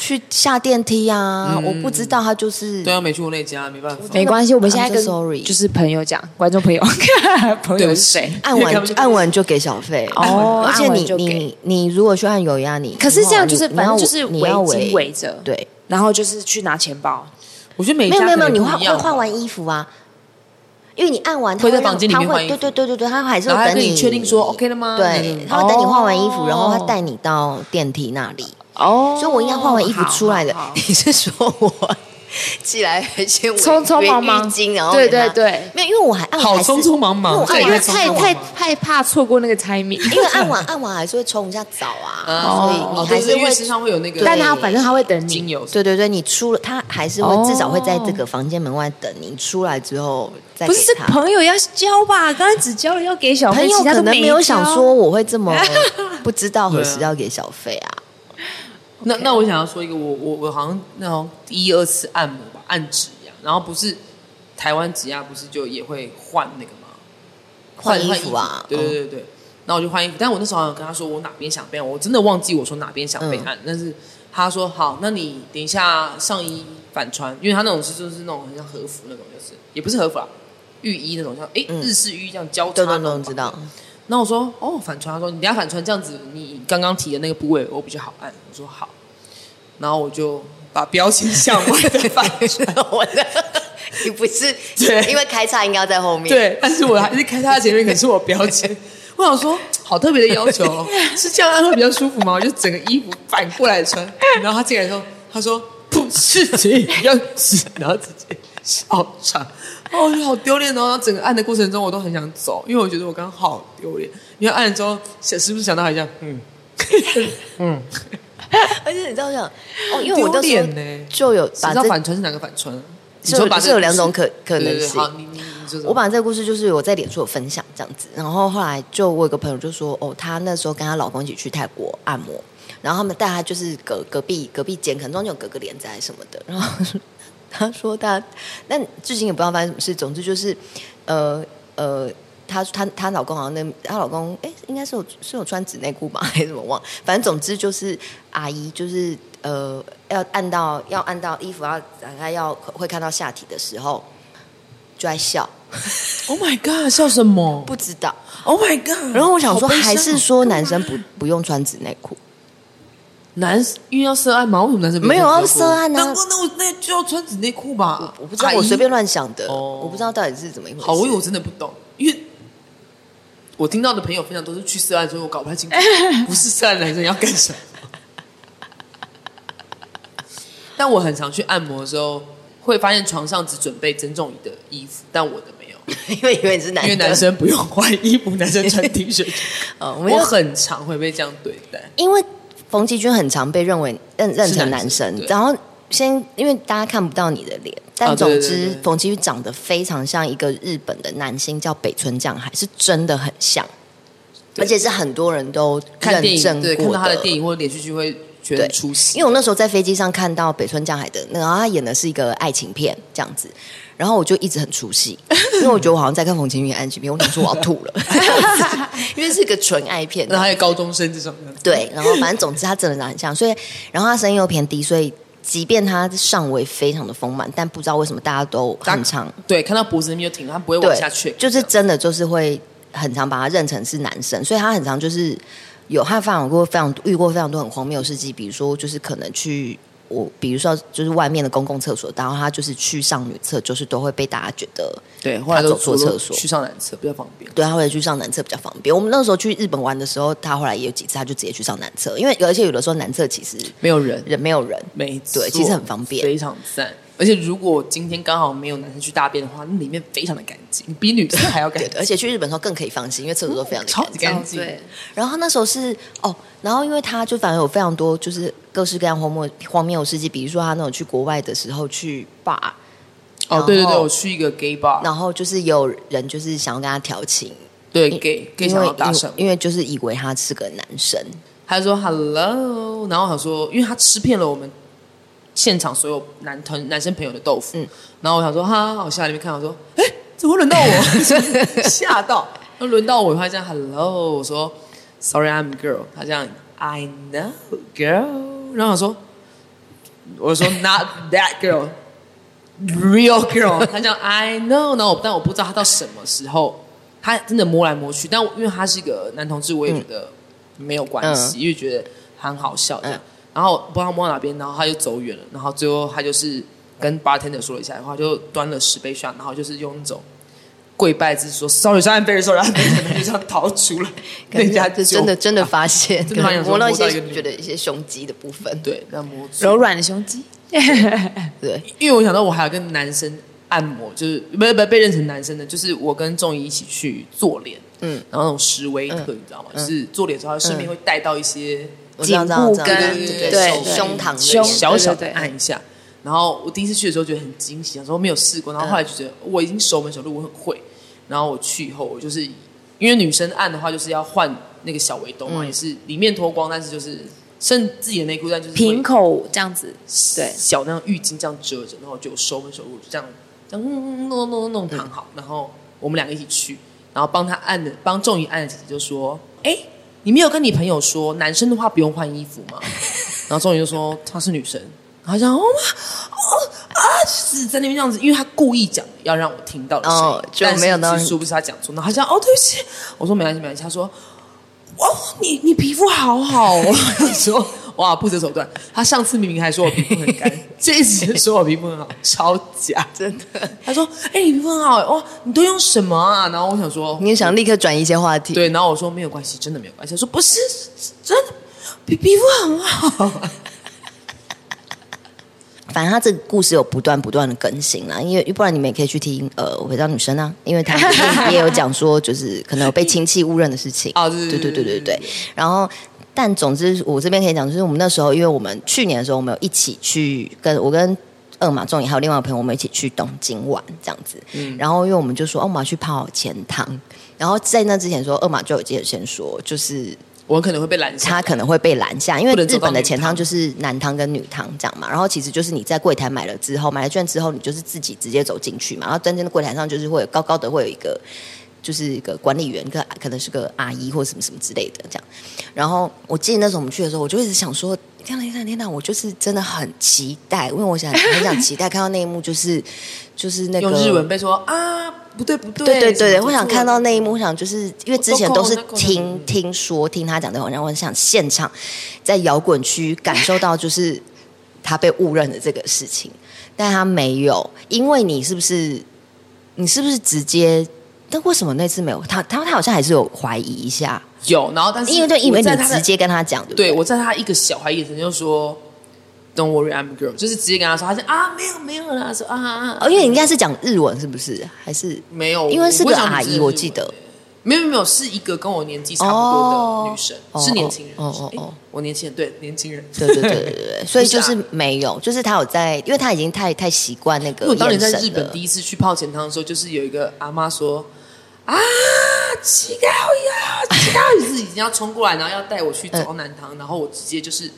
去下電梯啊、嗯！我不知道他就是對啊，沒去過那家，沒辦法。沒關係，我們現在跟 sorry 就是朋友講，觀眾朋友 朋友是誰按完 按完就給小費哦，而且你、嗯、你你，你如果去按油壓，你可是這樣就是反正就是圍圍你要圍圍着對，然後就是去拿錢包。我覺得每家可能不一樣。沒有沒有沒有，你換會換完衣服啊，因為你按完他會，會在房間裡面換，對對對對對，他還是會等你確定說 OK 了嗎？對，他會等你換完衣服，哦、然後他帶你到電梯那裡。哦、oh，所以我應該換完衣服出來的。你是說我 寄來一些，匆匆忙忙，對對對，沒有，因為我還按還是匆匆忙忙，因為太太害怕錯過那個 timing，因為按完按完還是會沖一下澡啊，oh, 所以你還是會身、哦、上會有那個，但他反正他會等你，對對對，你出了他還是會、oh, 至少會在這個房間門外等你出來之後再不是朋友要交吧？剛才只交了要給小費，可能沒有想說我會這麼不知道何時要給小費啊。Okay, 那那我想要說一個我，我我我好像那種第一二次按摩吧，按指壓，然後不是台灣指壓，不是就也會換那個嗎？換衣服啊？服對對對那、哦、我就換衣服，但我那時候好像跟他說我哪邊想被按，我真的忘記我說哪邊想被按，嗯，但是他說好，那你等一下上衣反穿，因為他那種是就是那種很像和服那種，就是也不是和服啊，浴衣那種像，哎、欸、日式浴衣這樣交叉那，嗯、種對對對知道。然後我說，哦，反穿，他說你等下反穿這樣子，你剛剛提的那個部位我比較好按。我說好，然後我就把標籤向外再 反穿回來。 你不是因為開叉應該要在後面，對，但是我還是開叉在前面， 可是我標籤，我想說好特別的要求，哦，是這樣按會比較舒服嗎？ 我就整個衣服反過來穿，然後他進來說，他說不是，是要是拿這件上場。 然後哦，就好丟臉哦！然後整個按的過程中，我都很想走，因為我覺得我剛剛好丟臉。因為按了之後想，是不是想到還這樣？嗯， 嗯，而且你知道我想，哦，因為我的臉呢，就有你知道反串是哪個反串？你說是有兩種可可能性、呃。好，你你你說我把這個故事就是我在臉書有分享這樣子，然後後來就我有一個朋友就說，哦，她那時候跟她老公一起去泰國按摩，然後他們帶她就是隔隔壁隔壁間，可能中間有隔個簾子什麼的，然後。他說他，那至今也不知道發生什麼事。總之就是，呃呃，他他他老公好像那他老公，哎、欸，應該是有是有穿紙內褲吧，還是怎麼忘？反正總之就是阿姨，就是呃，要按到要按到衣服要展開要會看到下體的時候，就在笑。Oh my god！笑什麼？不知道。Oh my god！然後我想說，還是說男生不、啊、不，不用穿紙內褲？男，因為要涉案嘛，為什麼男生沒、沒有要涉案呢？那那我那就要穿紙內褲吧我？我不知道，啊、我隨便亂想的、哦。我不知道到底是怎麼一回事。好，因為我真的不懂，因為我聽到的朋友非常多都是去涉案，所以我搞不太清楚，不是涉案男生要幹什麼？ 但我很常去按摩的時候，會發現床上只準備仲儀的衣服，但我的沒有，因為以為你是男，因為男生不用換衣服，男生穿 T 恤、 哦。我很常會被這樣對待，因為。馮繼君很常被認為認認成男生，男生，然後先因為大家看不到你的臉，但總之、啊、對對對，馮繼君長得非常像一個日本的男星，叫北村匠海，是真的很像，而且是很多人都認證過的，看電影，對，看到他的電影或者連續劇會覺得出戲，因為我那時候在飛機上看到北村匠海的那個，然後他演的是一個愛情片這樣子。然後我就一直很出戲， 因為我覺得我好像在看馮清雲安愛片，我跟你說我要吐了， 因為是個純愛片。那還有高中生這種？對，然後反正總之他真的長得很像，所以然後他聲音又偏低，所以即便他上圍非常的豐滿，但不知道為什麼大家都很常他對看到脖子你就停，他不會往下去，就是真的就是會很常把他認成是男生，所以他很常就是有他發生過非常遇過非常多很荒謬的事蹟，比如說就是可能去。我比如說，就是外面的公共廁所，然後他就是去上女廁，就是都會被大家覺得對，後來走錯廁所。去上男廁比較方便，對，他或者去上男廁比較方便。我們那時候去日本玩的時候，他後來也有幾次，他就直接去上男廁，因為而且有的時候男廁其實沒有人，人沒有人，沒對，其實很方便，非常讚。而且如果今天剛好沒有男生去大便的話，那裡面非常的乾淨，比女生還要乾淨。而且去日本的時候更可以放心，因為廁所都非常的超級乾,乾淨。對，然後那時候是哦，然後因為他就反而有非常多就是各式各樣荒謬荒謬的事迹，比如說他那種去國外的時候去 bar、哦。哦對對對，我去一個 gay bar，然後就是有人就是想要跟他調情，對因 gay, gay，因為大因為就是以為他是個男生。他說 hello，然後他說，因為他欺騙了我們。現場所有男朋男生朋友的豆腐，嗯、然後我想說哈，我下來裡面看，我說哎、欸，怎麼輪到我？嚇 到，那輪到我，他這樣 Hello，我說 Sorry，I'm a girl。他這樣 I know girl，然後說我說我說 Not that girl，real girl。 Girl. 他這樣 I know，然後我但我不知道他到什麼時候，他真的摸來摸去，但因為他是一個男同志，我也覺得沒有關係，因、嗯、為覺得他很好笑、uh. 這樣。然後不知道摸到哪邊，然後他就走遠了。然後最後他就是跟 bartender 說了一下的話就端了十杯上，然後就是用那種跪拜姿說 sorry，sorry，sorry，sorry, sorry, sorry. 然後從逃出來，人家真的、啊、真的發現，真的摸，摸到一些到一覺得一些胸肌的部分，對，摸柔軟的胸肌，對，因為我想到我還要跟男生按摩，就是沒有沒有被認成男生的，就是我跟仲儀一起去做臉，嗯，然後那種施威特、嗯，你知道嗎？嗯，就是做臉之後，順、嗯、便會帶到一些。頸部跟胸膛，胸，小，小小的按一下。然後我第一次去的時候覺得很驚喜，那時候沒有試過。然後後來就覺得我已經熟門熟路，我很會。然後我去以後，我就是因為女生按的話，就是要換那個小圍兜嘛，也是裡面脫光，但是就是剩自己的內褲，但就是瓶口這樣子，對，小那種浴巾這樣遮着，然後就熟門熟路，就這樣，這樣弄弄弄躺好。嗯、然後我們兩個一起去，然後幫他按的，幫仲儀按的姐姐就說：“哎。”你沒有跟你朋友說男生的話不用換衣服嗎？ 然後仲儀就說她是女生，然後他講哦，哦啊死在那邊這樣子，因為他故意講要讓我聽到，的時候哦就沒有當說不是他講錯，然後他講哦對不起，我說沒關係沒關係，他說哦你你皮膚好好、哦，說。 哇，不擇手段！他上次明明還說我皮膚很乾， 這一次說我皮膚很好， 超假！真的，他說：“哎、欸，你皮膚很好哇，你都用什麼啊？”然後我想說，你也想立刻轉移一些話題，對。然後我說沒有關係，真的沒有關係。他說不是，是，真的皮皮膚很好。反正他這個故事有不斷不斷的更新啦、啊，因為不然你們也可以去聽呃，我回到女生啊，因為他也有講說，就是可能有被親戚誤認的事情啊、哦，對對對對對對，對對對對對然後。但總之，我這邊可以講，就是我們那時候，因為我們去年的時候，我們有一起去，跟我跟二馬仲儀還有另外一個朋友，我們一起去東京玩這樣子，嗯。然後因為我們就說，哦，我們要去泡錢湯，然後在那之前說，二馬就有記得先說，就是我可能會被攔下，他可能會被攔下，因為日本的錢湯就是男湯跟女湯這樣嘛。然後其實就是你在櫃台買了之後，買了券之後，你就是自己直接走進去嘛。然後真正的櫃台上就是會有高高的，會有一個。就是一個管理員，個可能是個阿姨或什麼什麼之類的這樣。然後我記得那時候我們去的時候，我就一直想說：天吶天吶天吶，我就是真的很期待，因為我想很想期待看到那一幕，就是就是那個用日文被說啊，不 對，不對，對對對！我想看到那一幕，我想就是因為之前都是聽聽說聽他講的話，然後我想現場在搖滾區感受到就是他被誤認的這個事情，但他沒有，因為你是不是你是不是直接？但為什麼那次沒有他？他他好像還是有懷疑一下。有，然後但是因為就因為你直接跟他講的。對，對，不對，我在他一個小孩眼神就說，Don't worry, I'm a girl，就是直接跟他說，他說啊，沒有沒有啦，說啊啊，啊，因為人家是講日文，是不是？還是沒有？因為是個阿姨，我，我記得沒有沒有是一個跟我年紀差不多的女生，oh, 是年輕人哦哦、oh, oh, oh, oh.，我年輕人對年輕人，對對對對對，對對 所以就是沒有，就是他有在，因為他已經太太習慣那個眼神了。因為我當年在日本第一次去泡錢湯的時候，就是有一個阿媽說。啊！乞丐，我呀，乞丐是已經要衝過來，然後要帶我去朝南堂、嗯，然後我直接就是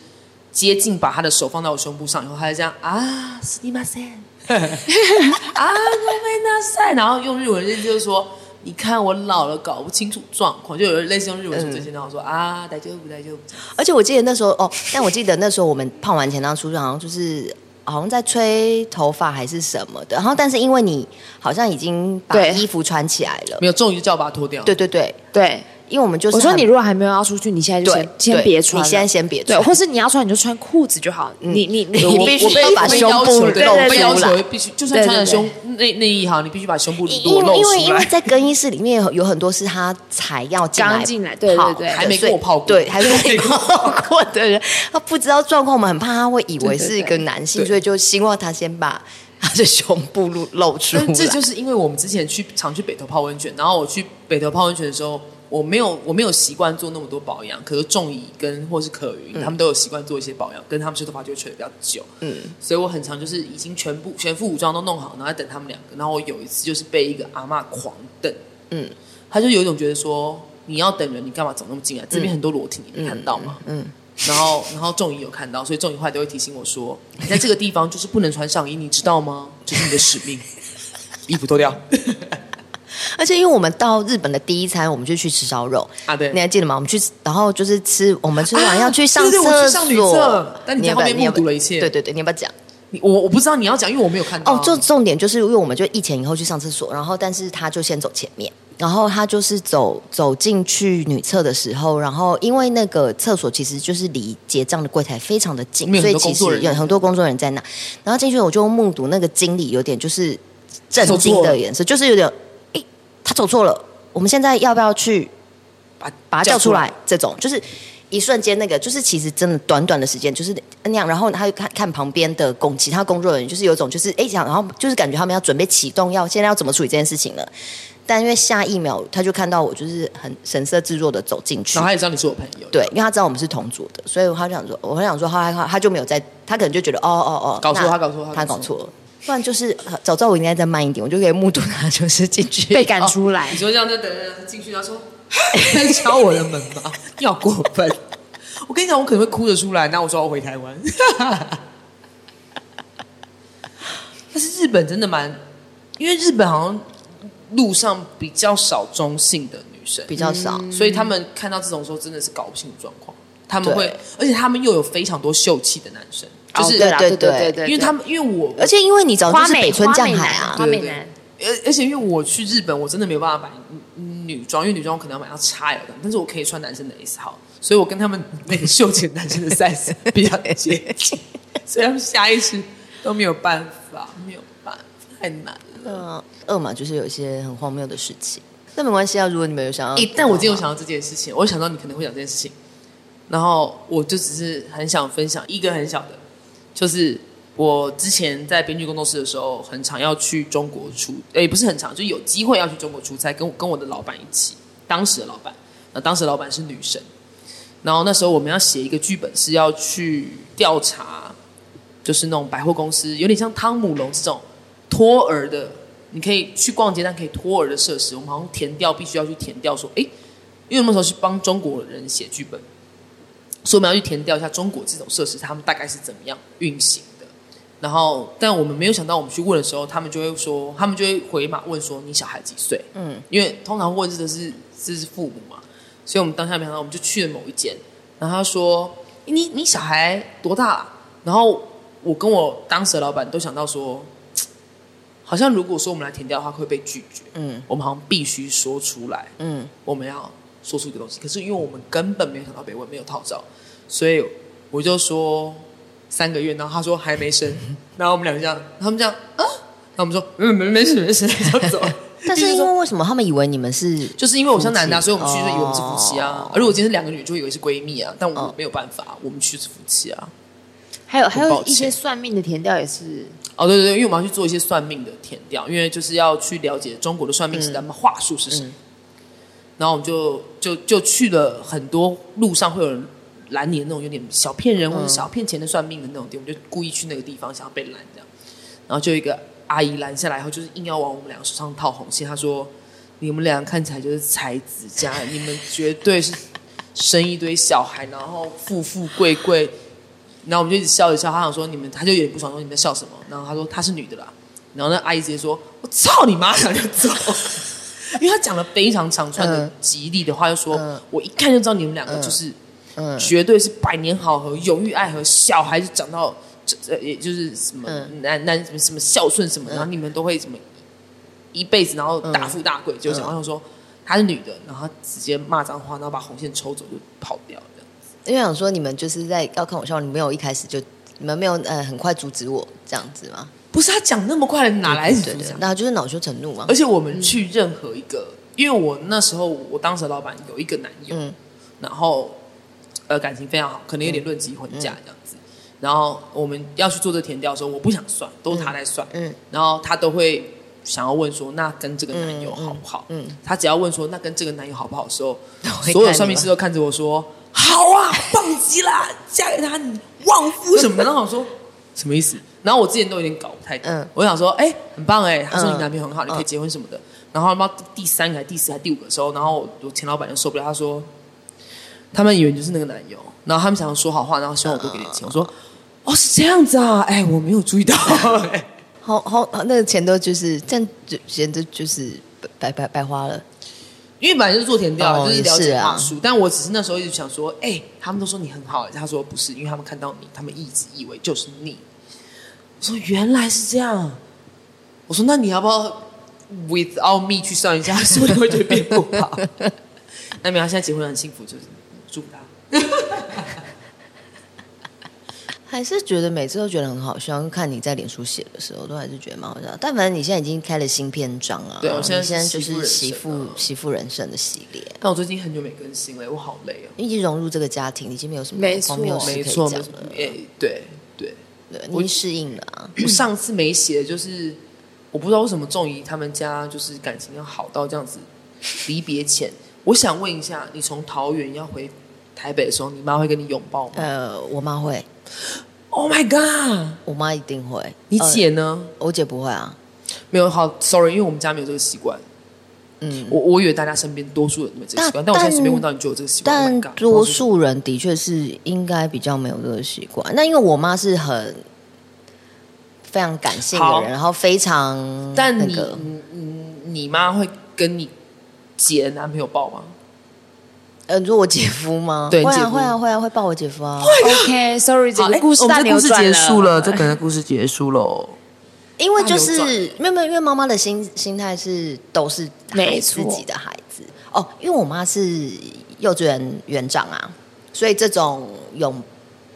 接近，把他的手放到我胸部上以，然後他就這樣啊，斯尼馬塞，啊，諾維納塞， 啊、 然後用日文就是說，你看我老了，搞不清楚狀況，就有人類似用日文什麼這些、嗯，然後說啊，大丈夫，大丈夫，而且我記得那時候哦， 但我記得那時候我們胖完前當初好像就是。好像在吹頭髮還是什麼的，然後但是因為你好像已經把衣服穿起來了，沒有，終於叫我把它脫掉。對對對對。因為我們就是我說，你如果還沒有要出去，你現在就先先別穿，你現在先別穿，或是你要穿，你就穿褲子就好。嗯、你你你你必須，必須必要把胸部露出來必。必須，就算穿了胸對對對內內衣哈，你必須把胸部露露出來。因為因為，因為在更衣室裡面有很多是他才要進剛進來，對對對，還沒泡過，對，還沒泡過的人， 他不知道狀況，我們很怕他會以為是一個男性對對對對，所以就希望他先把他的胸部露露出來。這就是因為我們之前去常去北投泡溫泉，然後我去北投泡溫泉的時候。我沒有我沒有習慣做那麼多保養，可是仲儀跟或是可雲、嗯、他們都有習慣做一些保養，跟他們吹頭髮就會吹的比較久，嗯，所以我很常就是已經全部全副武裝都弄好，然後等他們兩個，然後我有一次就是被一個阿嬤狂瞪，嗯，他就有一種覺得說你要等人，你幹嘛走那麼近啊？嗯，這邊很多裸體，你沒看到嗎？嗯，嗯然後然後仲儀有看到，所以仲儀後來都會提醒我說，你在這個地方就是不能穿上衣， 你知道嗎？這是你的使命，衣服脫掉。 而且因為我們到日本的第一餐，我們就去吃燒肉啊！對，你還記得嗎？我們去，然後就是吃。我們吃完要去上廁所，哎、對對但你旁邊目睹了一切要要要要。對對對，你要不要講？我我不知道你要講，因為我沒有看到、啊。哦，重點就是因為我們就一前一後去上廁所，然後但是他就先走前面，然後他就是走走進去女廁的時候，然後因為那個廁所其實就是離結賬的櫃檯非常的近、呃，所以其實有很多工作人員在那。然後進去我就目睹那個經理有點就是震驚的顏色，就是有點。走錯了，我們現在要不要去把把他叫出，叫出來？這種就是一瞬間，那個就是其實真的短短的時間就是那樣。然後他就看看旁邊的工其他工作人員，就是有種就是哎想，然後就是感覺他們要準備啟動，要現在要怎麼處理這件事情了。但因為下一秒他就看到我，就是很神色自若的走進去。然後他也知道你是我朋友，對，因為他知道我們是同組的，所以他就想說，我很想說，哈他他就沒有在，他可能就覺得哦哦哦，搞錯他，搞錯他，搞錯。他搞錯他搞錯了。不然就是早知道我應該再慢一點，我就可以目睹他就是進去被趕出來。哦、你說這樣在等著他進去，他說敲我的門嗎？你好過分！ 我跟你講，我可能會哭着出來。那我說我回台灣。 但是日本真的蠻，因為日本好像路上比較少中性的女生，比較少，嗯、所以他們看到這種時候真的是搞不清狀況。.他們會，而且他們又有非常多秀氣的男生，就是、哦、對對對對對，因為他們因為我，而且因為你找都是北村匠海花美啊，對對對，而而且因為我去日本，我真的沒有辦法買女裝，因為女裝我可能要買到 XL 的，但是我可以穿男生的 S 號，所以我跟他們秀氣的男生的 size 比較接近，所以他們下意識都沒有辦法，沒有辦法，太難了。二馬，就是有一些很荒謬的事情，那沒關係啊，如果你們有想要、欸，但我今天有想到這件事情，我想到你可能會講這件事情。然後我就只是很想分享一個很小的，就是我之前在編劇工作室的時候，很常要去中國出，也不是很常，就有機會要去中國出差，跟跟我的老闆一起，當時的老闆，那當時的老闆是女神。然後那時候我們要寫一個劇本是要去調查，就是那種百貨公司，有點像湯姆龍這種托兒的，你可以去逛街但可以托兒的設施，我們好像田調，必須要去田調，說，哎，因為那時候是幫中國人寫劇本。所以我們要去田調一下中國這種設施，他們大概是怎麼樣運行的？然後，但我們沒有想到，我們去問的時候，他們就會說，他們就會回馬問說：“你小孩幾歲？”嗯，因為通常問這個是這是是父母嘛，所以我們當下沒想到，我們就去了某一間，然後他說：“你你小孩多大啊？”然後我跟我當時的老板都想到說，好像如果說我們來田調的話會被拒絕，嗯，我們好像必須說出來，嗯，我們要。說出一個東西，可是因為我們根本沒有想到被問，沒有套招，所以我就說三個月。然後他說還沒生， 然後我們兩個這樣，他們這樣啊，那我們說沒沒事沒事，走走。 但是因為是為什麼他們以為你們是，就是因為我像男的，啊，所以我們去就以為我們是夫妻啊。哦、而如果今天是兩個女，就以為是閨蜜啊。但我，哦、沒有辦法，我們去是夫妻啊。還有還有一些算命的田調也是哦，對對對，因為我們要去做一些算命的田調，因為就是要去了解中國的算命是怎麼，話術是什麼。嗯然後我們就就就去了很多路上會有人攔你的那種有點小騙人或者、嗯、小騙錢的算命的那種地方，我們就故意去那個地方，想要被攔這樣。然後就有一個阿姨攔下來以後，就是硬要往我們兩個手上套紅線。她說：“你們倆看起來就是才子家，你們絕對是生一堆小孩，然後富富貴貴，貴。”然後我們就一直笑一笑。她想說你們，她就也不想說你們笑什麼？然後她說她是女的啦。然後那阿姨直接說：“我操你媽！”然後就走。 因為他講了非常長串的吉利的話，就說、嗯、我一看就知道你們兩個就是，嗯嗯、絕對是百年好合、永浴愛河，小孩子講到這、呃，也就是什麼、嗯、男男什麼什麼孝順什麼、嗯，然後你們都會什麼一輩子，然後大富大貴，就想要說她是女的，然後直接罵髒話，然後把紅線抽走就跑掉。因為想說你們就是在要看我笑，你們沒有一開始就你們沒有呃很快阻止我這樣子嗎？不是他講那麼快的，哪來、嗯、對的？那就是惱羞成怒嘛。而且我們去任何一個、嗯，因為我那時候，我當時老闆有一個男友，嗯、然後呃感情非常好，可能有點論及婚嫁、嗯、這樣子。然後我們要去做這田調的時候，我不想算，都是他在算，嗯。然後他都會想要問說，那跟這個男友好不好？嗯，嗯嗯他只要問說，那跟這個男友好不好的時候，所有算命師都看着我說，好啊，棒極了， 嫁給他你旺夫什麼？然後我說。什麼意思？然後我之前都有點搞不太懂。嗯、我想說，哎、欸，很棒哎、欸。他說你男朋友很好，嗯、你可以結婚什麼的。嗯嗯、然後媽第，第三個、第四個、還第五個時候，然後我前老闆就受不了，他說他們以為就是那個男友，然後他們想要說好話，然後希望我多給點錢、嗯。我說哦，哦，是這樣子啊，哎、欸，我沒有注意到。嗯、 好好，好，那個錢都就是這樣就，錢都就是白白白花了。因為本來就是做田調，oh, 就是了解大叔、啊。但我只是那時候一直想說，哎、欸，他們都說你很好。他說不是，因為他們看到你，他們一直以為就是你。我說原來是這樣。我說那你要不要 without me 去上一下？說 不會覺得變不好？ 那苗現在結婚了很幸福，就是祝他。 還是覺得每次都覺得很好，希望看你在臉書寫的時候，都還是覺得蠻好笑。但反正你現在已經開了新篇章啊，對，我現在就是媳婦媳婦人生的系列。但我最近很久沒更新了，我好累啊！你已經融入這個家庭，已經沒有什麼好，沒錯，沒錯，沒有事可以講了。哎，對對、對，你適應了啊。我上次沒寫，就是我不知道為什麼仲儀他們家就是感情要好到這樣子。離別前，我想問一下，你從桃園要回台北的時候，你媽會跟你擁抱嗎？呃，我媽會。Oh my god！我媽一定會，你姐呢、呃？我姐不會啊，沒有。好，sorry，因為我們家沒有這個習慣。嗯，我我以為大家身邊多數人沒有這個習慣，但，但我現在隨便問到你就有這個習慣但、oh god。多數人的確是應該比較沒有這個習慣。嗯、那因為我媽是很非常感性的人，然後非常……但你、那個嗯，你媽會跟你姐的男朋友抱嗎？呃，做我姐夫嗎？對，會啊會啊會啊，會，啊會抱我姐夫啊。OK，sorry，、okay，好，故事大扭轉了。我們的故事結束了，了這可能故事結束嘍。因為就是沒有沒有，因為媽媽的心心態是都是愛自己的孩子。哦，因為我媽是幼稚園園長啊，所以這種擁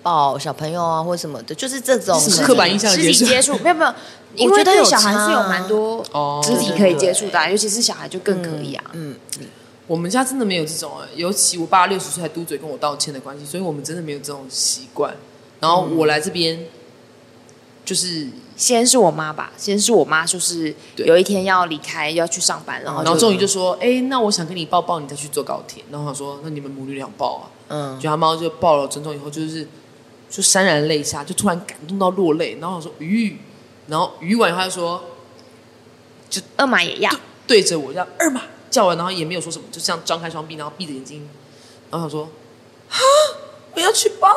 抱小朋友啊或什麼的，就是這種刻板、就是、印象的，肢體接觸沒有沒有，沒有因為我覺得有、啊、小孩是有蠻多肢體可以接觸的、啊哦嗯，尤其是小孩就更可以啊。嗯。嗯我們家真的沒有這種，尤其我爸六十歲還嘟嘴跟我道歉的關係，所以我們真的沒有這種習慣。然後我來這邊，就是先是我媽吧，先是我媽，就是有一天要離開，要去上班，然後然後終於就說：“哎、嗯，那我想跟你抱抱，你再去坐高鐵。”然後他說：“那你們母女倆抱啊。”嗯，就他媽就抱了珍重以後、就是，就是就潸然淚下，就突然感動到落淚。然後我說：“魚。”然後魚完，他就說：“就二馬也要對着我叫二馬。”叫完，然後也沒有說什麼，就這樣張開雙臂，然後閉着眼睛，然後想說，哈，我要去抱。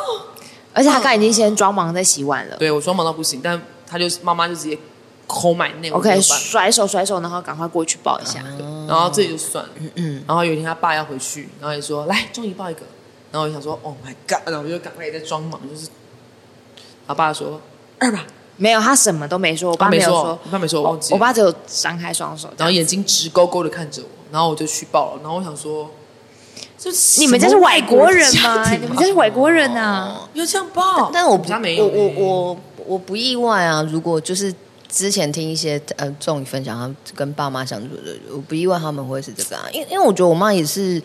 而且他剛才已經先裝忙在洗碗了。啊、對，我裝忙到不行，但他就媽媽就直接 call my name。OK，甩手甩手，然後趕快過去抱一下。啊、對，然後這就算了。了、嗯。嗯。然後有一天他爸要回去，然後也說，來，終於抱一個。然後我想說，Oh my God！然後我就趕快在裝忙，就是他爸說二馬。沒有，他什麼都沒說。我爸沒說，我、哦、爸沒說，我，我忘記。我爸只有張開雙手，然後眼睛直勾勾的看着我。然後我就去報了，然後我想說，你們家是外國人嗎？嗎，你們家是外國人啊？要、哦、這樣報？但是我，我家沒有，我我我我不意外啊。如果就是之前聽一些呃綜藝分享，跟爸媽相處的，我不意外他們會是這個、啊。因為因為我覺得我媽也是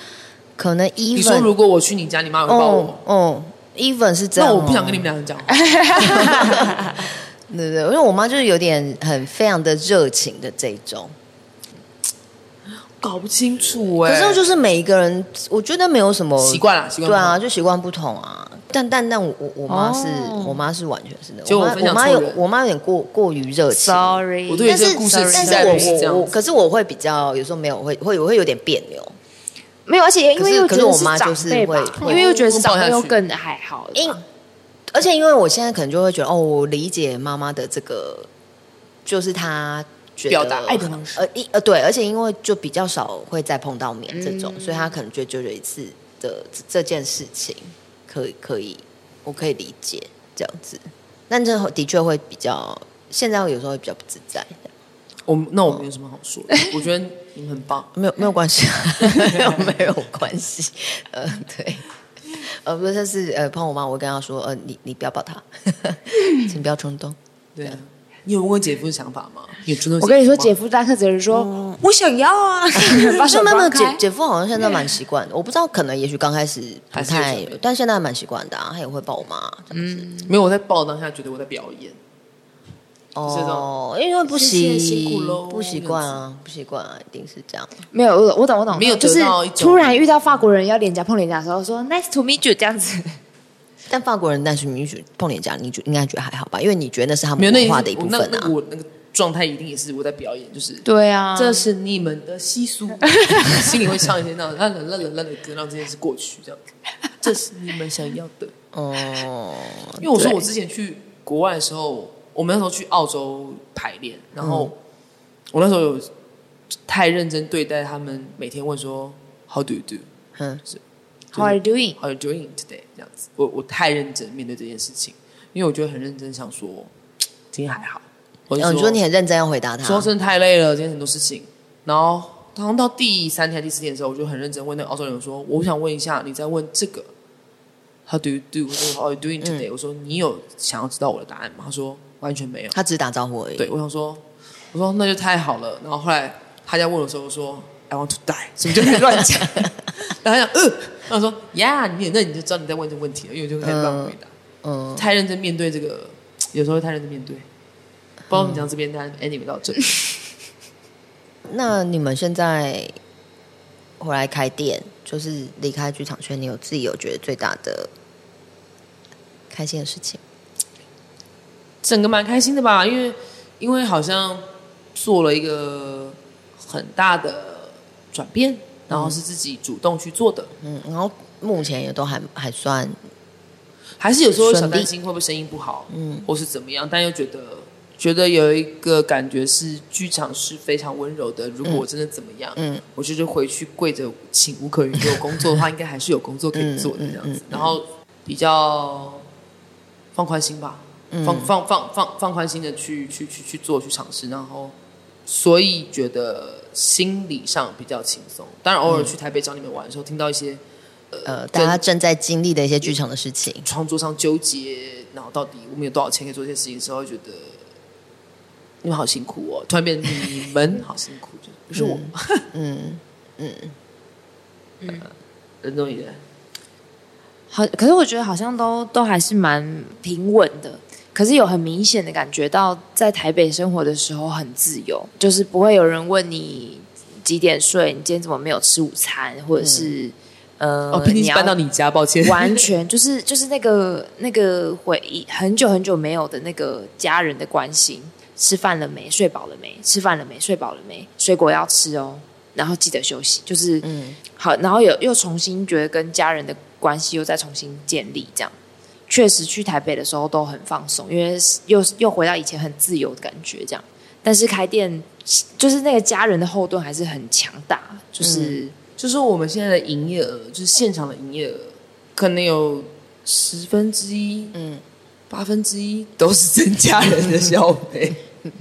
可能 even。你說如果我去你家，你媽會抱我嗎？哦，哦，even 是這樣、啊。我不想跟你們兩個講， 對對？因為我媽就是有點很非常的熱情的這種。搞不清楚哎、欸，可是就是每一個人，我覺得沒有什麼習慣了，習慣，啊習慣對啊，就習慣不同啊。但但但我我媽是、哦、我媽是完全是的我，我媽我媽，有我媽有點過過於熱情。Sorry，但是但是我我我可是我會比較有時候沒有會會我會有點彆扭，沒有，而且因為又可，是又可是我媽就是會，是會因為又覺得長輩又更還好的。因而且因為我現在可能就會覺得哦，我理解媽媽的這個，就是她。表達愛的方式，呃一呃對，而且因為就比較少會再碰到面這種，嗯、所以他可能覺得就這一次的這這件事情，可以可以，我可以理解這樣子。但這的確會比較，現在有時候會比較不自在。我那我沒有什麼好說的、呃，我覺得你們很棒，沒有沒有關係， 沒有沒有關係。呃對，呃不是，下次呃碰我媽，我跟她說，呃你你不要抱她， 請不要衝動。對，對你有問姐夫想的想法嗎？有，我跟你說，姐夫大概只是說、哦，我想要啊。 沒有沒有，姐姐夫好像現在蠻習慣的。Yeah. 我不知道，可能也許剛開始不太，但現在還蠻習慣的、啊。他也會抱我媽這樣子。嗯，沒有，我在抱當下覺得我在表演。哦，就是、這種因為不辛苦嘍，不習慣啊，不習慣啊，一定是這樣。沒有，我我懂我懂，沒有就是突然遇到法國人要臉頰碰臉頰的時候，我說 nice to meet you 這樣子。但法國人，但是你覺得碰臉頰，你就應該覺得還好吧？因為你覺得那是他們文化的一部分啊。那我，那，那，那，我那個狀態一定也是我在表演，就是對啊，這是你們的習俗， 心裡會唱一些那種冷冷冷冷的歌，讓這件事過去，這樣。這是你們想要的哦、嗯。因為我說我之前去國外的時候，我們那時候去澳洲排練，然後、嗯、我那時候有太認真對待他們，每天問說 How do you do？嗯。就是 How are you doing? How are you doing today? 這樣子，我我太認真面對這件事情，因為我覺得很認真，想說今天還好。我說、哦、你很認真要回答他，說真的太累了，今天很多事情。然後到第三天、第四天的時候，我就很認真問那個澳洲人說：“我想問一下，你在問這個？How do you do? How are you doing today？”、嗯、我說：“你有想要知道我的答案嗎？”他說：“完全沒有，他只是打招呼而已。對”對我想說：“我說那就太好了。”然後後來他在問的時候我說：“I want to die。”什麼就可以亂講？ 然後他想嗯。呃我、嗯、說：“呀，你那你就知道你在問這個問題了，因為我就太亂回答、呃呃，太認真面對這個，有時候太認真面對。不，我們講這邊的 Andy 比較真。那你們現在回來開店，就是離開劇場圈，你有自己有覺得最大的開心的事情？整個蠻開心的吧，因為因為好像做了一個很大的轉變。”然後是自己主動去做的，嗯，然後目前也都還還算，還是有時候小擔心會不會生意不好，嗯，或是怎麼樣，但又覺得覺得有一個感覺是劇場是非常溫柔的。如果我真的怎麼樣，嗯，嗯我就是回去跪着請吳可雲給、嗯、我工作的話，應該還是有工作可以做的這樣子。嗯嗯嗯嗯、然後比較放寬心吧，嗯、放放放放放寬心的去去去去做去嘗試。然後所以覺得。心理上比較輕鬆，當然偶爾去台北找你們玩的時候，嗯、聽到一些呃大家正在經歷的一些劇場的事情，創作上糾結，然後到底我們有多少錢可以做一些事情的時候，會覺得你們好辛苦哦，突然變你們好辛苦， 就是我，嗯嗯 嗯，任仲儀，好，可是我覺得好像都都還是蠻平穩的。可是有很明顯的感覺到，在台北生活的時候很自由，就是不會有人問你幾點睡，你今天怎麼沒有吃午餐？或者是、嗯、呃，哦，搬到你家，抱歉，完全就是就是那個那個回憶，很久很久沒有的那個家人的關心，吃飯了沒，睡飽了沒，吃飯了沒，睡飽了沒，水果要吃哦，然後記得休息，就是嗯，好，然後又又重新覺得跟家人的關係又再重新建立，這樣。確實去台北的時候都很放鬆，因為又又回到以前很自由的感覺這樣。但是開店就是那個家人的後盾還是很強大，就是、嗯、就是我們現在的營業額，就是現場的營業額，可能有十分之一，嗯，八分之一都是真家人的消費，所、嗯、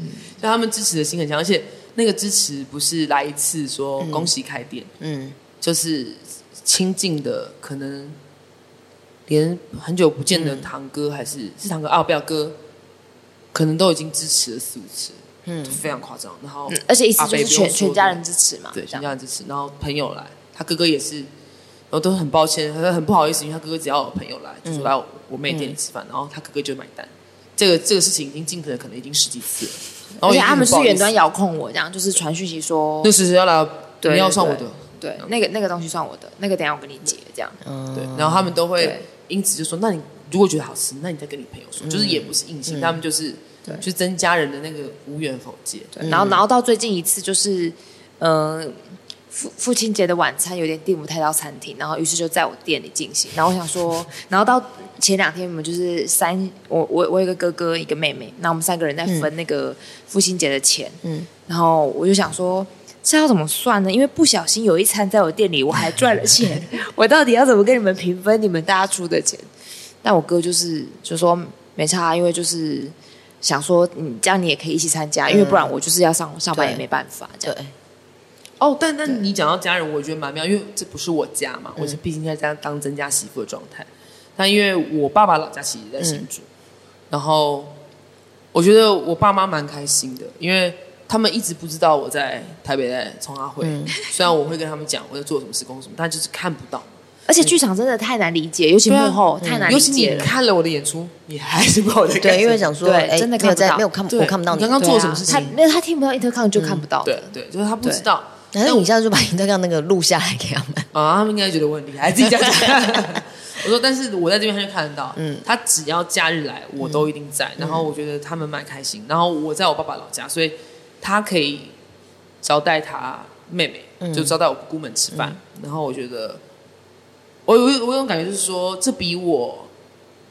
他們支持的心很強，而且那個支持不是來一次說恭喜開店、嗯，嗯，就是親近的可能。連很久不見的堂哥還是、嗯、是堂哥哦，表、啊、哥，可能都已經支持了四五次，嗯，就非常誇張。然後、嗯、而且一直是全全，全家人支持嘛，對，全家人支持。然後朋友來，他哥哥也是，然後都很抱歉，他說很不好意思，因為他哥哥只要有朋友來就說來我，我妹店裡吃飯、嗯，然後他哥哥就買單。嗯、這個這個事情已經盡可能可能已經十幾次了，然後而且他們是遠端遙控我這樣，就是傳訊息說，那時要來，對對對對你要算我的，對，對，對，那個那個東西算我的，那個等下我跟你結、嗯、這樣、嗯，對。然後他們都會。因此就說，那你如果覺得好吃，那你再跟你朋友說，嗯、就是也不是硬性，嗯、他們就是就是增加人的那個無緣否戒、嗯。然後，然後到最近一次就是，嗯、呃，父父親節的晚餐有點訂不太到餐廳，然後於是就在我店裡進行。然後我想說，然後到前兩天我們就是三，我我我有一個哥哥一個妹妹，那我們三個人在分那個父親節的錢，嗯，然後我就想說。這要怎麼算呢？因為不小心有一餐在我店裡，我還賺了錢。 我到底要怎麼跟你們平分你們大家出的錢？但我哥就是就說沒差，因為就是想說你這樣你也可以一起參加，因為不然我就是要上，嗯、上班也沒辦法。對。對哦，但但你講到家人，我覺得蠻妙，因為這不是我家嘛，嗯、我是畢竟在家當曾家媳婦的狀態，嗯。但因為我爸爸老家其實在新竹，嗯，然後我覺得我爸媽蠻開心的，因為。他們一直不知道我在台北在衝阿會、嗯、雖然我會跟他們講我在做什麼事工、什麼，但就是看不到。嗯、而且劇場真的太難理解，尤其是幕後，太難理解，尤其你，嗯、看了我的演出，你還是不理解。對，因為想說對，欸、真的沒有在，沒有看我，看不到你剛剛做什麼事情。啊嗯，他那他聽不到，intercom 就看不到，嗯。對對，就是他不知道。那，欸、你下次就把 intercom 那個錄下來給他們，啊，他們應該覺得我很厲害。 自己講在， 我說，但是我在這邊他就看得到。嗯，他只要假日來，我都一定在。嗯，然後我覺得他們蠻開心，嗯。然後我在我爸爸老家，所以。他可以招待他妹妹，嗯、就招待我姑姑們吃飯、嗯。然後我覺得，我有我有種感覺就是說、嗯這比我，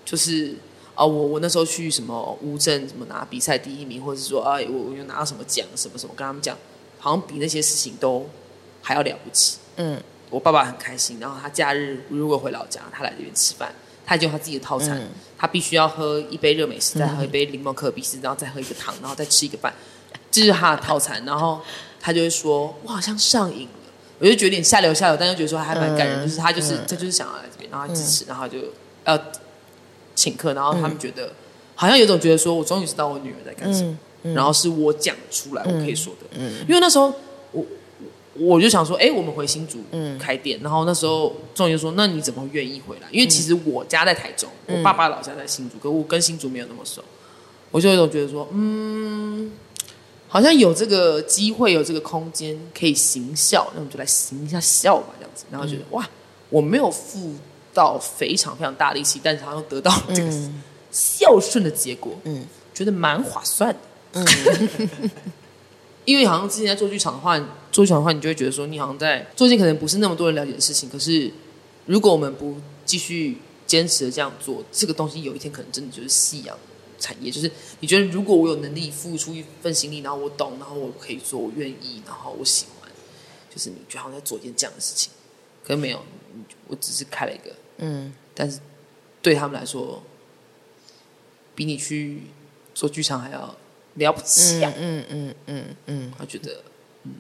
就是說這比我就是啊，我我那時候去什麼烏鎮，什麼拿比賽第一名，或者是說啊、哎，我我又拿到什麼獎什麼什麼，跟他們講，好像比那些事情都還要了不起。嗯，我爸爸很開心。然後他假日如果回老家，他來這邊吃飯，他就他自己的套餐、嗯，他必須要喝一杯熱美式，再喝一杯檸檬可比斯，嗯、然後再喝一個湯，然後再吃一個飯。就是他的套餐，然後他就會說：“我好像上癮了。”我就覺得有點下流，下流，但又覺得說還蠻感人。就是他，就是他，就是想要來這邊，然後他支持、嗯，然後就要、呃、請客。然後他們覺得、嗯、好像有種覺得說：“我終於知道我女兒在幹什麼。嗯嗯”然後是我講出來，我可以說的。嗯，嗯因為那時候我我就想說：“哎、欸，我們回新竹開店。嗯”然後那時候仲儀說：“那你怎麼會願意回來？”因為其實我家在台中，我爸爸老家在新竹，可我跟新竹沒有那麼熟，我就有一種覺得說：“嗯。”好像有這個機會，有這個空間可以行孝，那我們就來行一下孝吧，這樣子。然後覺得、嗯、哇，我沒有付到非常非常大力氣，但是好像得到了這個孝順的結果、嗯，覺得蠻划算的。嗯、 因為好像之前在做劇場的話，做劇場的話，你就會覺得說，你好像在做一件可能不是那麼多人了解的事情。可是，如果我們不繼續堅持的這樣做，這個東西有一天可能真的就是夕陽。產業就是你覺得，如果我有能力付出一份心力，然後我懂，然後我可以做，我願意，然後我喜歡，就是你覺得好像在做一件這樣的事情，可能沒有，我只是開了一個，嗯，但是對他們來說，比你去做劇場還要了不起啊。嗯嗯嗯嗯，我、嗯嗯嗯、覺得，嗯，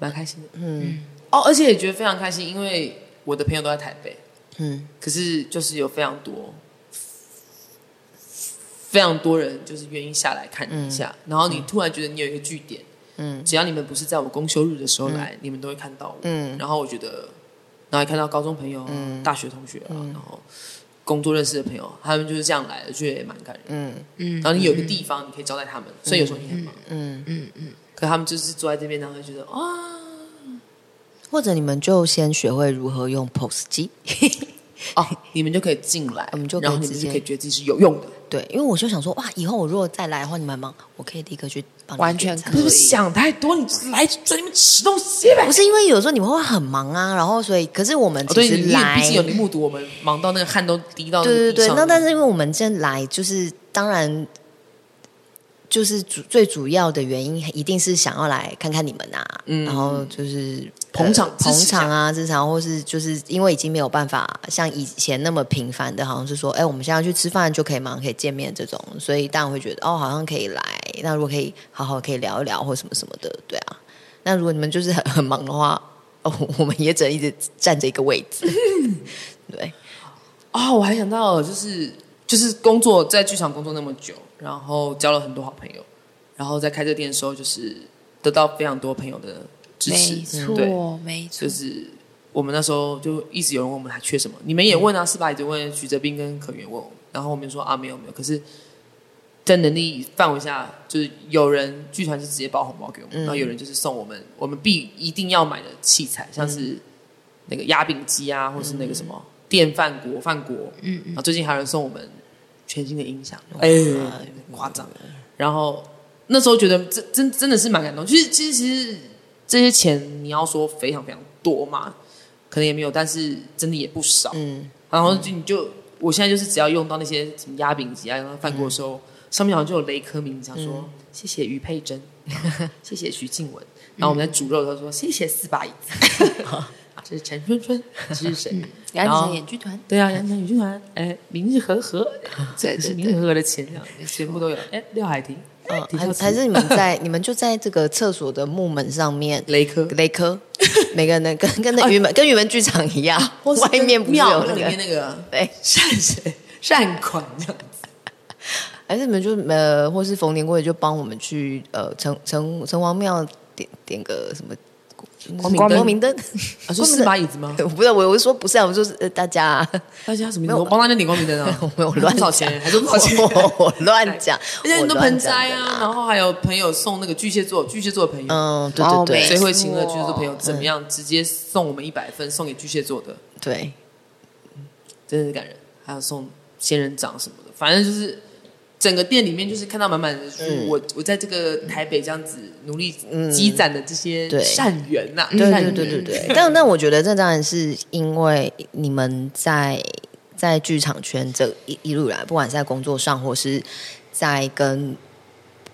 蠻開心的，嗯，嗯哦，而且也覺得非常開心，因為我的朋友都在台北，嗯，可是就是有非常多。非常多人就是願意下來看一下、嗯，然後你突然覺得你有一個據點，嗯，只要你們不是在我公休日的時候來，嗯、你們都會看到我，嗯，然後我覺得，然後看到高中朋友、嗯、大學同學啊、嗯，然後工作認識的朋友，他們就是這樣來，的，覺得也蠻感人，嗯嗯，然後你有一個地方，你可以招待他們、嗯，所以有時候你很忙，嗯嗯嗯，嗯，嗯，嗯，嗯，可他們就是坐在這邊，然後就覺得啊，或者你們就先學會如何用 POS 機。 哦、oh, 你們就可以進來，我們就可以直接，然後你們就可以覺得自己是有用的。對，因為我就想說，哇，以後我如果再來的話，你們忙，我可以立刻去幫你，完全可以。想太多， 你是來 你們吃東西。不是，因為有時候你們會很忙啊，然後所以，可是我們就是來，畢、oh, 竟有你目睹我們忙到那個汗都滴到的。對對對，那但是因為我們現在來，就是當然，就是主最主要的原因一定是想要來看看你們啊，嗯、然後就是。捧場、呃、捧場啊，職場或是就是因為已經沒有辦法像以前那麼頻繁的，好像是說，哎，我們現在去吃飯就可以嘛，可以見面這種，所以當然會覺得，哦，好像可以來。那如果可以好好可以聊一聊或什麼什麼的，對啊。那如果你們就是很很忙的話，哦，我們也只能一直佔着一個位置、嗯，對。哦，我還想到就是就是工作在劇場工作那麼久，然後交了很多好朋友，然後在開這店的時候，就是得到非常多朋友的。沒錯，沒錯，就是我們那時候就一直有人問我們還缺什麼，你們也問啊，嗯、是吧，也一直問徐哲斌跟可元問我，然後我們說啊沒有沒有，可是，在能力範圍下，就是有人劇團是直接包紅包給我們、嗯，然後有人就是送我們我們必一定要買的器材，像是、嗯、那個壓餅機啊，或者是那個什麼、嗯、電飯鍋飯鍋，嗯嗯，啊最近還有人送我們全新的音響，哎，誇、嗯、張、嗯，然後那時候覺得真真真的是蠻感動，其實其實。其實這些錢，你要說非常非常多嘛？可能也沒有，但是真的也不少。嗯，然後就你就、嗯、我現在就是只要用到那些什麼壓餅機啊，用到飯鍋的時候、嗯，上面好像就有雷科明，想說、嗯、謝謝於佩珍， 謝謝徐靜雯。然後我們在煮肉的時候說，他、嗯、說謝謝四把椅子，這 是陳春春，這是誰？楊家演劇團對啊，楊家演劇團。哎、 欸，明日何何？這、欸、是 明日何何的前兩年全部都有。哎、欸，廖 海婷。嗯、呃，還還是你們在，你們就在這個廁所的木門上面，雷科雷科，每個人、那個、跟跟那宇文、啊、跟宇文劇場一樣，或者外面不是廟，裡面那個面、那個、對善水善款這樣子，還是你們就呃，或是逢年過節就幫我們去呃，城城城隍廟點點個什麼。光明燈，啊，四是把椅子嗎？ 我不是，我我是說不是啊，我說、呃、大家、啊，大家什麼意思？我幫大家點光明燈啊， 我沒有亂講，還是亂亂講，而且 亂講 很多盆栽啊， 然後還有朋友送那個巨蟹座，巨蟹座的朋友，嗯，對對對，誰會請那個巨蟹座朋友？怎麼樣？直接送我們一百分、嗯，送給巨蟹座的，對，真的是感人。還有送仙人掌什麼的，反正就是。整個店裡面就是看到滿滿的我，我、嗯、我在這個台北這樣子努力積攢的這些善緣吶、啊，善對對對對對。對對對對對 但但我覺得這當然是因為你們在在劇場圈這一一路來，不管是在工作上或是在跟，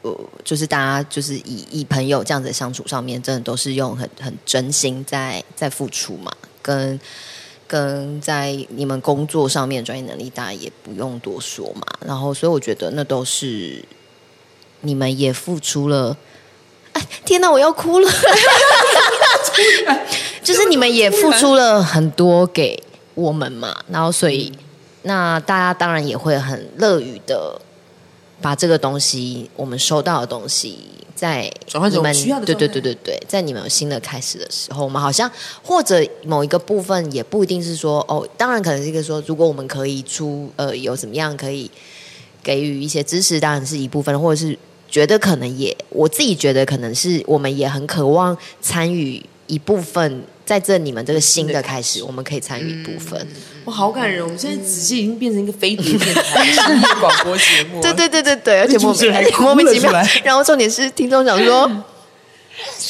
呃，就是大家就是以以朋友這樣子的相處上面，真的都是用很很真心在在付出嘛，跟。跟在你們工作上面的專業能力，大家也不用多說嘛。然後，所以我覺得那都是你們也付出了。哎，天哪，我要哭了！就是你們也付出了很多給我們嘛。然後，所以那大家當然也會很樂於的把這個東西，我們收到的東西。在你們需要的，對對對對對，在你們有新的開始的時候，我們好像或者某一個部分，也不一定是說哦，當然可能是一個說，如果我們可以出呃，有怎麼樣可以給予一些支持，當然是一部分，或者是覺得可能也，我自己覺得可能是我們也很渴望參與一部分。在這你們這個新的開始，我們可以參與一部分、嗯。我好感人！我、嗯、們現在仔細已經變成一個非主流電台，是一個廣播節目。對對對對對，而且莫名其妙。然後重點是聽眾想說，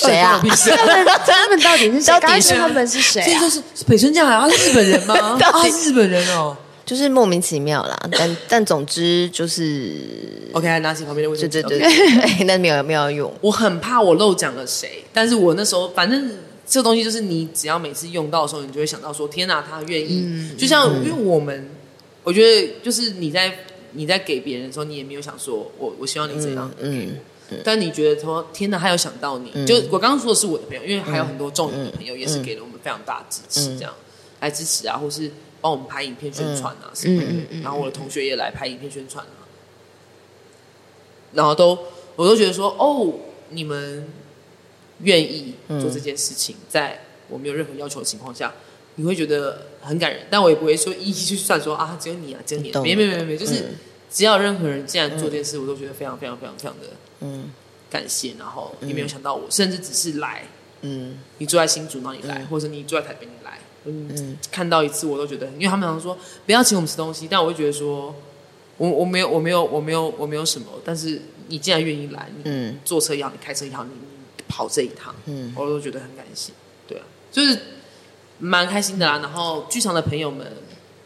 誰 誰啊？ 他們到底是誰？到底是他們是誰、啊？其實、就是、是北村醬、啊，還、啊、是日本人嗎？他、 啊、是日本人哦，就是莫名其妙啦。但但總之就是，OK，拿起旁邊的就對對，那 沒有沒有用。我很怕我漏講了誰，但是我那時候反正。這個東西就是你，只要每次用到的時候，你就會想到說：“天啊，他願意。”就像因為我們，我覺得就是你在你在給別人的時候，你也沒有想說我我希望你這樣給我，但你覺得說天啊，他有想到你。就我剛剛說的是我的朋友，因為還有很多重要的朋友也是給了我們非常大的支持，這樣來支持啊，或是幫我們拍影片宣傳啊什麼的。然後我的同學也來拍影片宣傳啊，然後都我都覺得說哦，你們。願意做這件事情、嗯，在我沒有任何要求的情況下，你會覺得很感人。但我也不會說一一去算說啊，只有你啊，只有你，你沒沒沒沒、嗯、就是只要任何人，既然做這件事、嗯，我都覺得非常非常非常非常的感謝、嗯。然後也沒有想到我，甚至只是來，嗯、你住在新竹那裡來，嗯、或者你住在台北你來、嗯嗯，看到一次我都覺得，因為他們常說不要請我們吃東西，但我會覺得說，我我沒有我沒有我沒有我沒有，我沒有什麼，但是你既然願意來，你坐車也好，你開車也好，你。跑這一趟，嗯，我都覺得很感謝，對啊，就是蠻開心的啦、嗯。然後劇場的朋友們，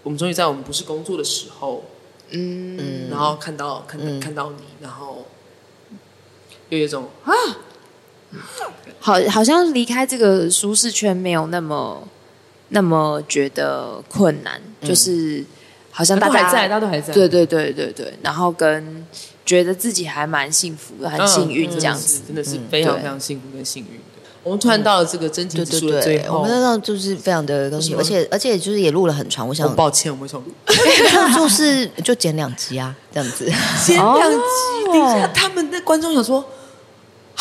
我們終於在我們不是工作的時候，嗯，然後看到看、嗯、看到你，然後又有一種啊，好，好像離開這個舒適圈沒有那麼那麼覺得困難，嗯、就是好像大家，大家都在，大家都還在，對對對對對，對，然後跟。覺得自己還蠻幸福的，啊、很幸運，這樣子真的，真的是非常非常幸福跟幸運的，嗯、我們突然到了這個真情實錄最後、嗯、對，對，對，我們那種就是非常的高興，而且而且就是也錄了很長，我想很抱歉，我們想錄， 就是就剪兩集啊，這樣子，剪兩集，哦、等一下、欸、他們的觀眾想說。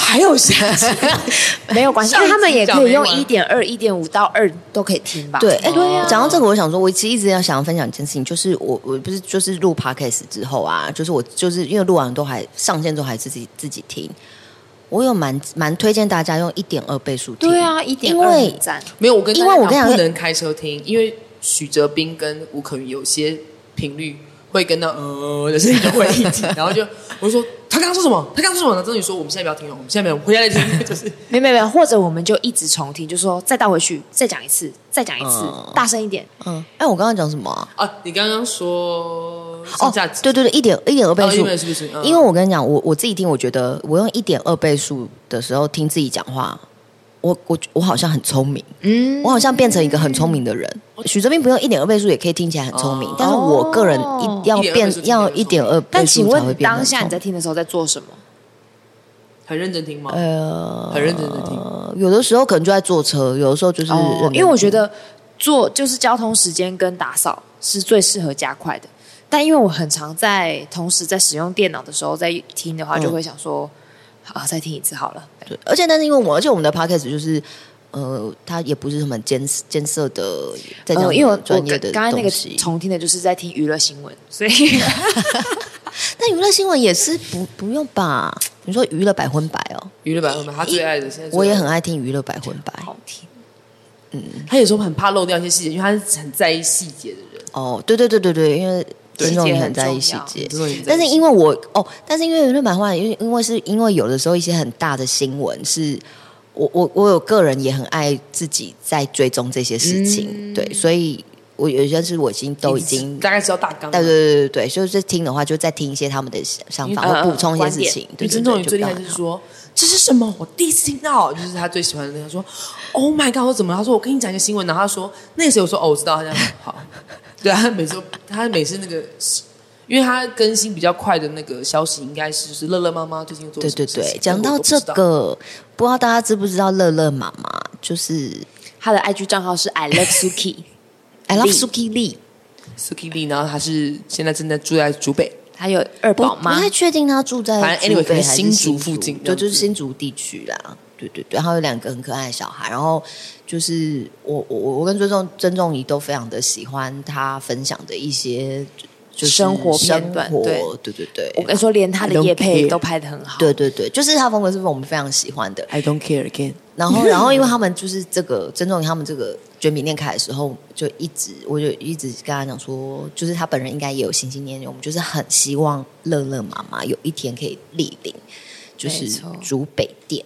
還有誰？ 沒有關係， 因為他們也可以用一點二、一點五到二都可以聽吧。對，欸、對呀、啊。講到這個，我想說，我其實一直要想要分享一件事情，就是我我不是就是錄 podcast 之後啊，就是我就是因為錄完都還上線都還自己自己聽。我有蠻蠻推薦大家用一點二倍速聽。對啊，一點二很沒有，我跟因為我跟不能開車聽，因為許哲斌跟吳可雨有些頻率。會跟到呃的聲音就會一起，然後就我就說，他剛剛說什麼？他剛剛說什麼呢？鄭宇說我們現在不要聽，我們現在不要聽，回家再聽。沒沒有，或者我們就一直重聽，就說再倒回去，再講一次，再講一次，嗯，大聲一點。嗯，哎，欸，我剛剛講什麼啊？啊，你剛剛說哦，對對對，一點一點二倍數，哦是是嗯，因為我跟你講，我我自己聽，我覺得我用一點二倍數的時候聽自己講話。我我我好像很聰明，嗯，我好像變成一個很聰明的人。許、嗯、哲斌不用一點二倍數也可以聽起來很聰明，oh. 但是我個人一、oh. 要變要一點二倍數，但請問當下你在聽的時候在做什麼？很認真聽嗎？呃、uh,，很認真聽。Uh, 有的時候可能就在坐車，有的時候就是、oh. 因為我覺得坐就是交通時間跟打掃是最適合加快的。但因為我很常在同時在使用電腦的時候在聽的話，就會想說啊、uh.，再聽一次好了。而且，但是，因為我，而且我們的 podcast 就是，呃，他也不是什麼監監測的，在那種、呃，因為我剛才那個重聽的就是在聽娛樂新聞，所以，那娛樂新聞也是不不用吧？你說娛樂百分百哦，娛樂百分百，他最愛的。欸就是、我也很愛聽娛樂百分百，好聽。嗯，他有時候很怕漏掉一些細節，因為他是很在意細節的人。哦，對對對對對，因為。新你很在意細節，但是因為我哦，但是因為那論版塊，因為因為是因為有的時候一些很大的新聞，是我我我有個人也很愛自己在追蹤這些事情，嗯、對，所以我有些是我已經都已經大概知道大綱，對對對對對，所以再聽的話就再聽一些他們的想法，我補充一些事情。呃呃、對，對，對，之前有追一下說這是什麼，我第一次聽到， 就是他最喜歡的人 說，Oh my god，我怎麼了？」他說我跟你講一個新聞，然後他說那個時候我說哦，我知道，他像很好。 對他每次他每次那個，因為他更新比較快的那個消息，應該是是樂樂媽媽最近做什麼事情。對對對，講到這個不，不知道大家知不知道樂樂媽媽，就是他的 IG 賬號是 I Love Suki I Love Suki Lee，Suki Lee，然後他是現在正在住在竹北，她有二寶不媽不太確定他住在竹北，反正 Anyway 新竹附近，對，就，就是新竹地區啦。對對對，然後有兩個很可愛的小孩，然後就是我我我跟仲儀仲儀都非常的喜歡他分享的一些就是生，活生活片段，對對對，對我跟你說連他的業配都拍的很好，對，對對對，就是他的風格是不是我們非常喜歡的？I don't care again。然後然後因為他們就是這個仲儀他們這個捲餅裂開的時候，就一直我就一直跟他講說，就是他本人應該也有心心念念，我們就是很希望樂樂媽媽有一天可以莅臨，就是竹北店。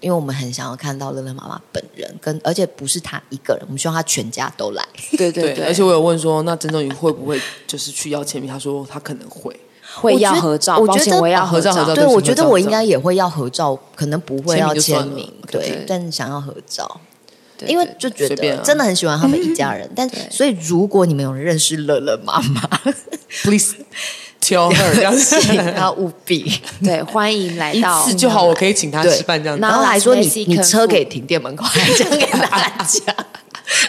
因為我們很想要看到樂樂媽媽本人，跟而且不是他一個人，我們希望他全家都來。對對對， 而且我有問說，那曾仲儀會不會就是去要簽名？他說他可能會，會要合照。我覺得，我要合照，對，我覺得我應該也會要合照，可能不會要簽名，簽名對，okay. 但想要合照，對對對，因為就覺得、啊、真的很喜歡他們一家人。 但所以，如果你們有認識樂樂媽媽 ，please。挑，二這樣子，要務必對，歡迎來到就好，我可以請他吃飯這樣子。然後來說你，你車可以停店門口，啊啊、這樣給大家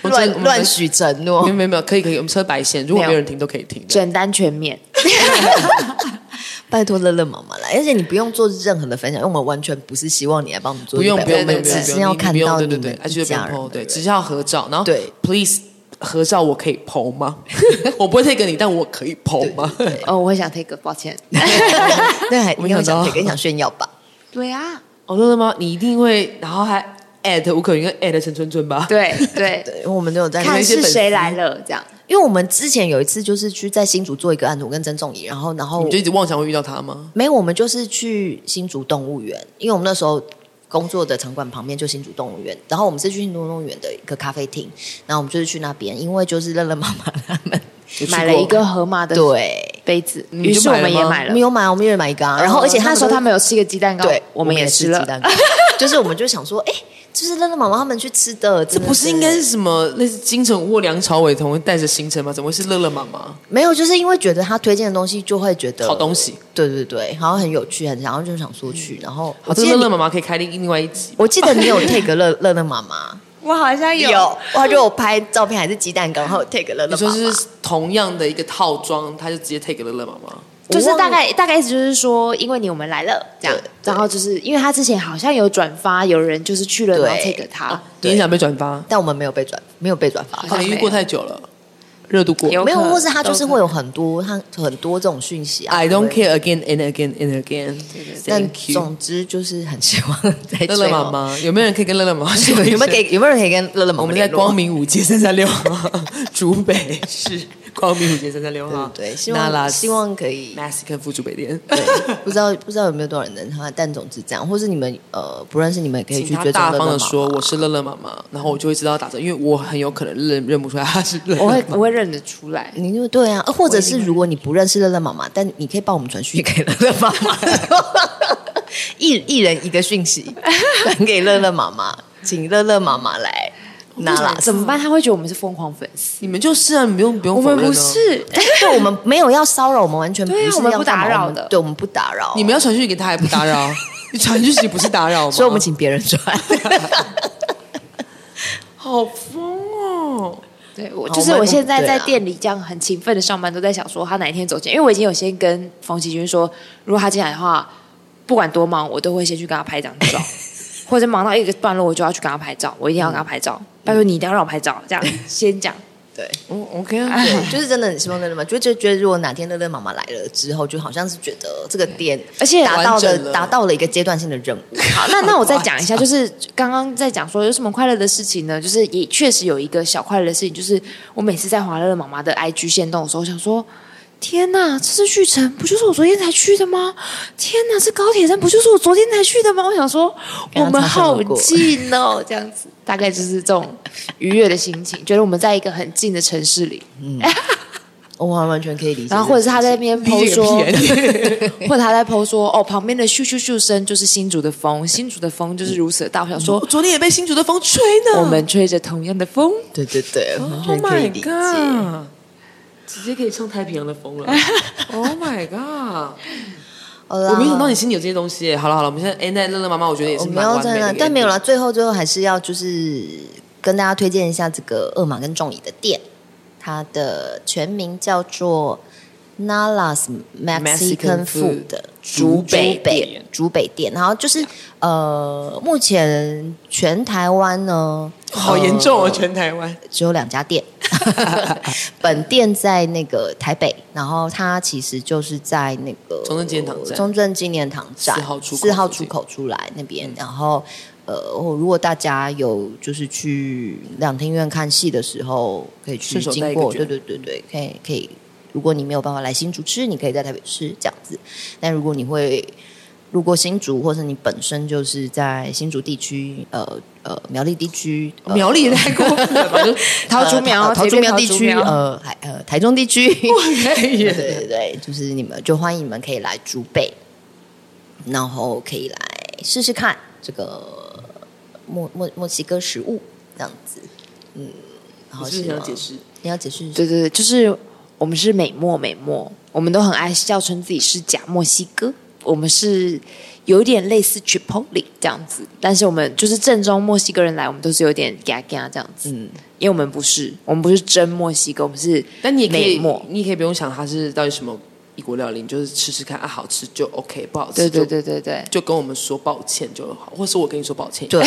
亂亂許承諾。沒有沒有，可以可以，我們車白線，如果沒人停都可以停，簡單全面。 拜託樂樂媽媽了，而且你不用做任何的分享，因為我們完全不是希望你來幫我們做，不用不用不用，只是要你看到你你對對對，對家人 Pow，對，對，只需要合照，然後對 please。合照我可以剖嗎？ 我不會 take 你，但我可以剖嗎？哦 對對， oh, 我會想 take，抱歉。 那你有想 take，你想炫耀吧？對啊。我說的嗎？你一定會，然後還 at 吳可雲跟 at 陳春春吧？ 對對，對，我們都有在 看是誰來了這樣。 因為我們之前有一次就是去在新竹做一個案子，我跟曾仲儀，然後然後你就一直妄想會遇到他嗎？沒有，我們就是去新竹動物園，因為我們那時候。工作的場館旁邊就是新竹動物園，然後我們是去新竹動物園的一個咖啡廳，然後我們就是去那邊，因為就是樂樂媽媽他們買了一個河馬的對杯子，於是我們也買了，我們有買，我們也買一個，啊，然後而且他說他們有吃一個雞蛋糕，對，我們也吃雞蛋糕，就是我們就想說，哎、欸。就是樂樂媽媽他們去吃的，的這不是應該是什麼類似金城或梁朝偉同會帶着行程嗎？怎麼會是樂樂媽媽？沒有，就是因為覺得他推薦的東西，就會覺得好東西。對對對，對，然後很有趣，然後就想說去，嗯、然後好，這個樂樂媽媽可以開另另外一集。我記得你有 take 樂 樂樂媽媽，我好像有，有我就我拍照片還是雞蛋羹， 然後 take 樂樂就是，是同樣的一個套裝，他就直接 take 樂樂媽媽。就是大概、oh. 大概意思就是說，因為你我們來了這樣，然後就是因為他之前好像有轉發，有人就是去了然後 take 他，影響被轉發，但我們沒有被轉，沒有被轉發，可、啊、能、啊、因為過太久了，熱度過有沒有，或是他就是會有很多他很多這種訊息、啊。I don't care again and again and again。但總之就是很希望 樂樂媽媽有沒有人可以跟樂樂媽媽學學 有沒有可以有沒有人可以跟樂樂媽媽？我們在光明五街三三六。 竹北市光明五街三三六號，對，對，希望、Nala、希望可以 Mexican 竹北店，對，不知道不知道有沒有多少人能他，但總是這樣，或是你們呃不認識，你們也可以去樂樂媽媽大方的說我是樂樂媽媽、嗯，然後我就會知道打折，因為我很有可能認認不出來他是樂樂，我會我會認得出來，您就對啊，或者是如果你不認識樂樂媽媽，但你可以幫我們傳訊給樂樂媽媽， 一一人一個訊息轉給樂樂媽媽，請樂樂媽媽來。那怎麼辦？他會覺得我們是瘋狂粉絲。你們就是啊，你不用不用我們不是，對，我們沒有要騷擾，我們完全對、啊，我們不打擾的我們。對我們不打擾。你們要傳訊息給他，也不打擾？ 你傳訊息不是打擾嗎？所以我們請別人傳。 好瘋啊！對，我就是我現在在店裡這樣很勤奮的上班，都在想說他哪一天走進。因為我已經有先跟馮其君說，如果他進來的話，不管多忙，我都會先去跟他拍一張照。 或者忙到一個段落，我就要去跟他拍照，我一定要跟他拍照。嗯、拜託：“你一定要讓我拍照。嗯”這樣 先講，對，我、oh, OK 啊，對，就是真的很希望樂樂媽，就覺得覺得如果哪天樂樂媽媽來了之後，就好像是覺得這個店而且達到了達、okay. 到，到了一個階段性的任務。 好，那那我再講一下，就是剛剛在講說有、就是、什麼快樂的事情呢？就是也確實有一個小快樂的事情，就是我每次在華樂樂媽媽的 IG 限動的時候，我想說。天哪、啊，這是巨城，不就是我昨天才去的嗎？天哪、啊，這高鐵站不就是我昨天才去的嗎？我想說，我們好近哦，這樣子，大概就是這種愉悅的心情， 覺得我們在一個很近的城市裡。嗯， 哦、我完完全可以理解。然後，或者是他在那邊 po 說， 或者他在 po 說，哦，旁邊的咻咻咻聲就是新竹的風，新竹的風就是如此的大。我想說，嗯、昨天也被新竹的風吹呢。我們吹着同樣的風，對對對，哦、oh、my god。直接可以唱《太平洋的風》了 ，Oh my god！Hola, 我沒想到你心裡有這些東西。好了好了，我們現在哎、欸，那樂樂媽媽，我覺得也是蠻完美的。但沒有啦，最後最後還是要就是跟大家推薦一下這個二馬跟仲儀的店，它的全名叫做 Nala's Mexican, Mexican Food。竹北，竹北，竹北店，竹北店，然後就是、啊、呃，目前全台灣呢，好嚴重啊、哦呃！全台灣只有兩家店， 本店在那個台北，然後它其實就是在那個中正紀念堂站，呃、中正紀念堂站四號出口出來那邊、嗯，然後呃，如果大家有就是去兩廳院看戲的時候，可以去順手經過。對對對對，可以可以。如果你沒有辦法來新竹吃，你可以在台北吃這樣子。但如果你會路過新竹，或是你本身就是在新竹地區，呃呃，苗栗地區，呃、苗栗也太過分了，桃 竹、就是呃、苗，桃竹苗地區，呃，還呃，台中地區， 對對對，就是你們就歡迎你們可以來竹北，然後可以來試試看這個墨墨墨西哥食物這樣子，嗯，然後你要解釋，你要解釋，對對對，就是。我們是美墨美墨，我們都很愛笑稱自己是假墨西哥。我們是有點類似 Chipotle 這樣子，但是我們就是正宗墨西哥人來，我們都是有點 ga ga 這樣子、嗯。因為我們不是，我們不是真墨西哥，我們是美墨，但你也你也可以不用想它是到底什麼異國料理，你就是吃吃看啊，好吃就 OK，不好吃對對，對對對對對，就跟我們說抱歉就好，或是我跟你說抱歉好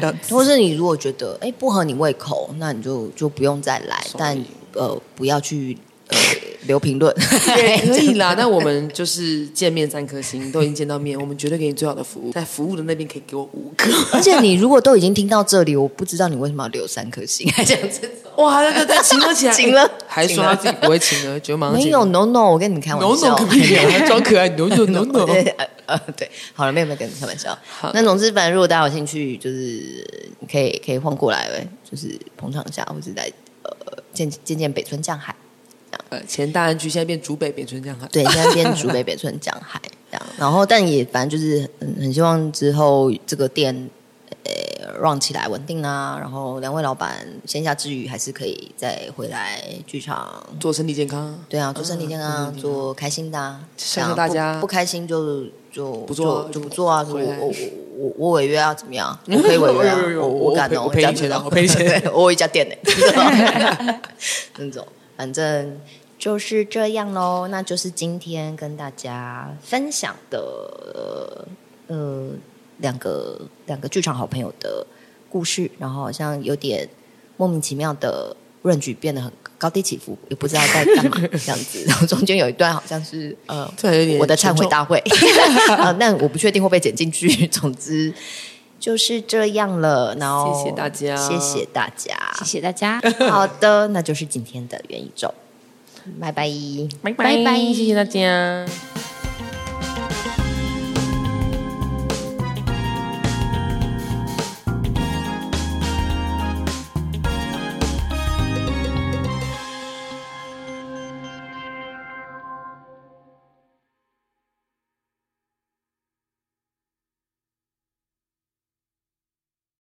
對，或 是你如果覺得哎不合你胃口，那你就就不用再來，但呃不要去。Okay, 留評論 yeah, 可以啦。 那我們就是見面三顆星， 都已經見到面，我們絕對給你最好的服務。在服務的那邊可以給我五顆。而且你如果都已經聽到這裡，我不知道你為什麼要留三顆星，還講這種？哇，那個真行了起來，行了，還說他自己不會親呢？覺得蠻 ……no no 我跟你開玩笑，no, no, be, 還裝可愛，no no no no， 對,、呃、對，好了，沒有沒有跟你開玩笑。那總之，反正如果大家有興趣，就是可以可以換過來，就是捧場一下，或者在呃見見見北村匠海。呃，前大安區現在變竹北，變成江海。對，現在變竹北，變成江海這樣。 然後，但也反正就是很很希望之後這個店，呃、欸，run 起來穩定啊。然後，兩位老闆閒暇之餘，還是可以再回來劇場做身體健康。對啊，做身體健康，嗯、做開心的啊。嗯、這樣謝謝大家不開心就就不做、啊、就，就不做啊！做啊我麼我我違約啊？怎麼樣？我可以違約、啊嗯我我？我敢、哦、我賠錢、啊、錢！我賠錢！我有一家店呢。那 種， 反正。就是這樣嘍，那就是今天跟大家分享的呃兩個兩個劇場好朋友的故事，然後好像有點莫名其妙的潤局變得很高低起伏，也不知道在幹嘛 這樣子。然後中間有一段好像是呃我的懺悔大會，啊、 呃，但我不確定會不會剪進去。總之就是這樣了，然後謝謝大家，謝謝大家，謝謝大家。好的，那就是今天的元椅宙。拜拜，拜拜，謝謝大家。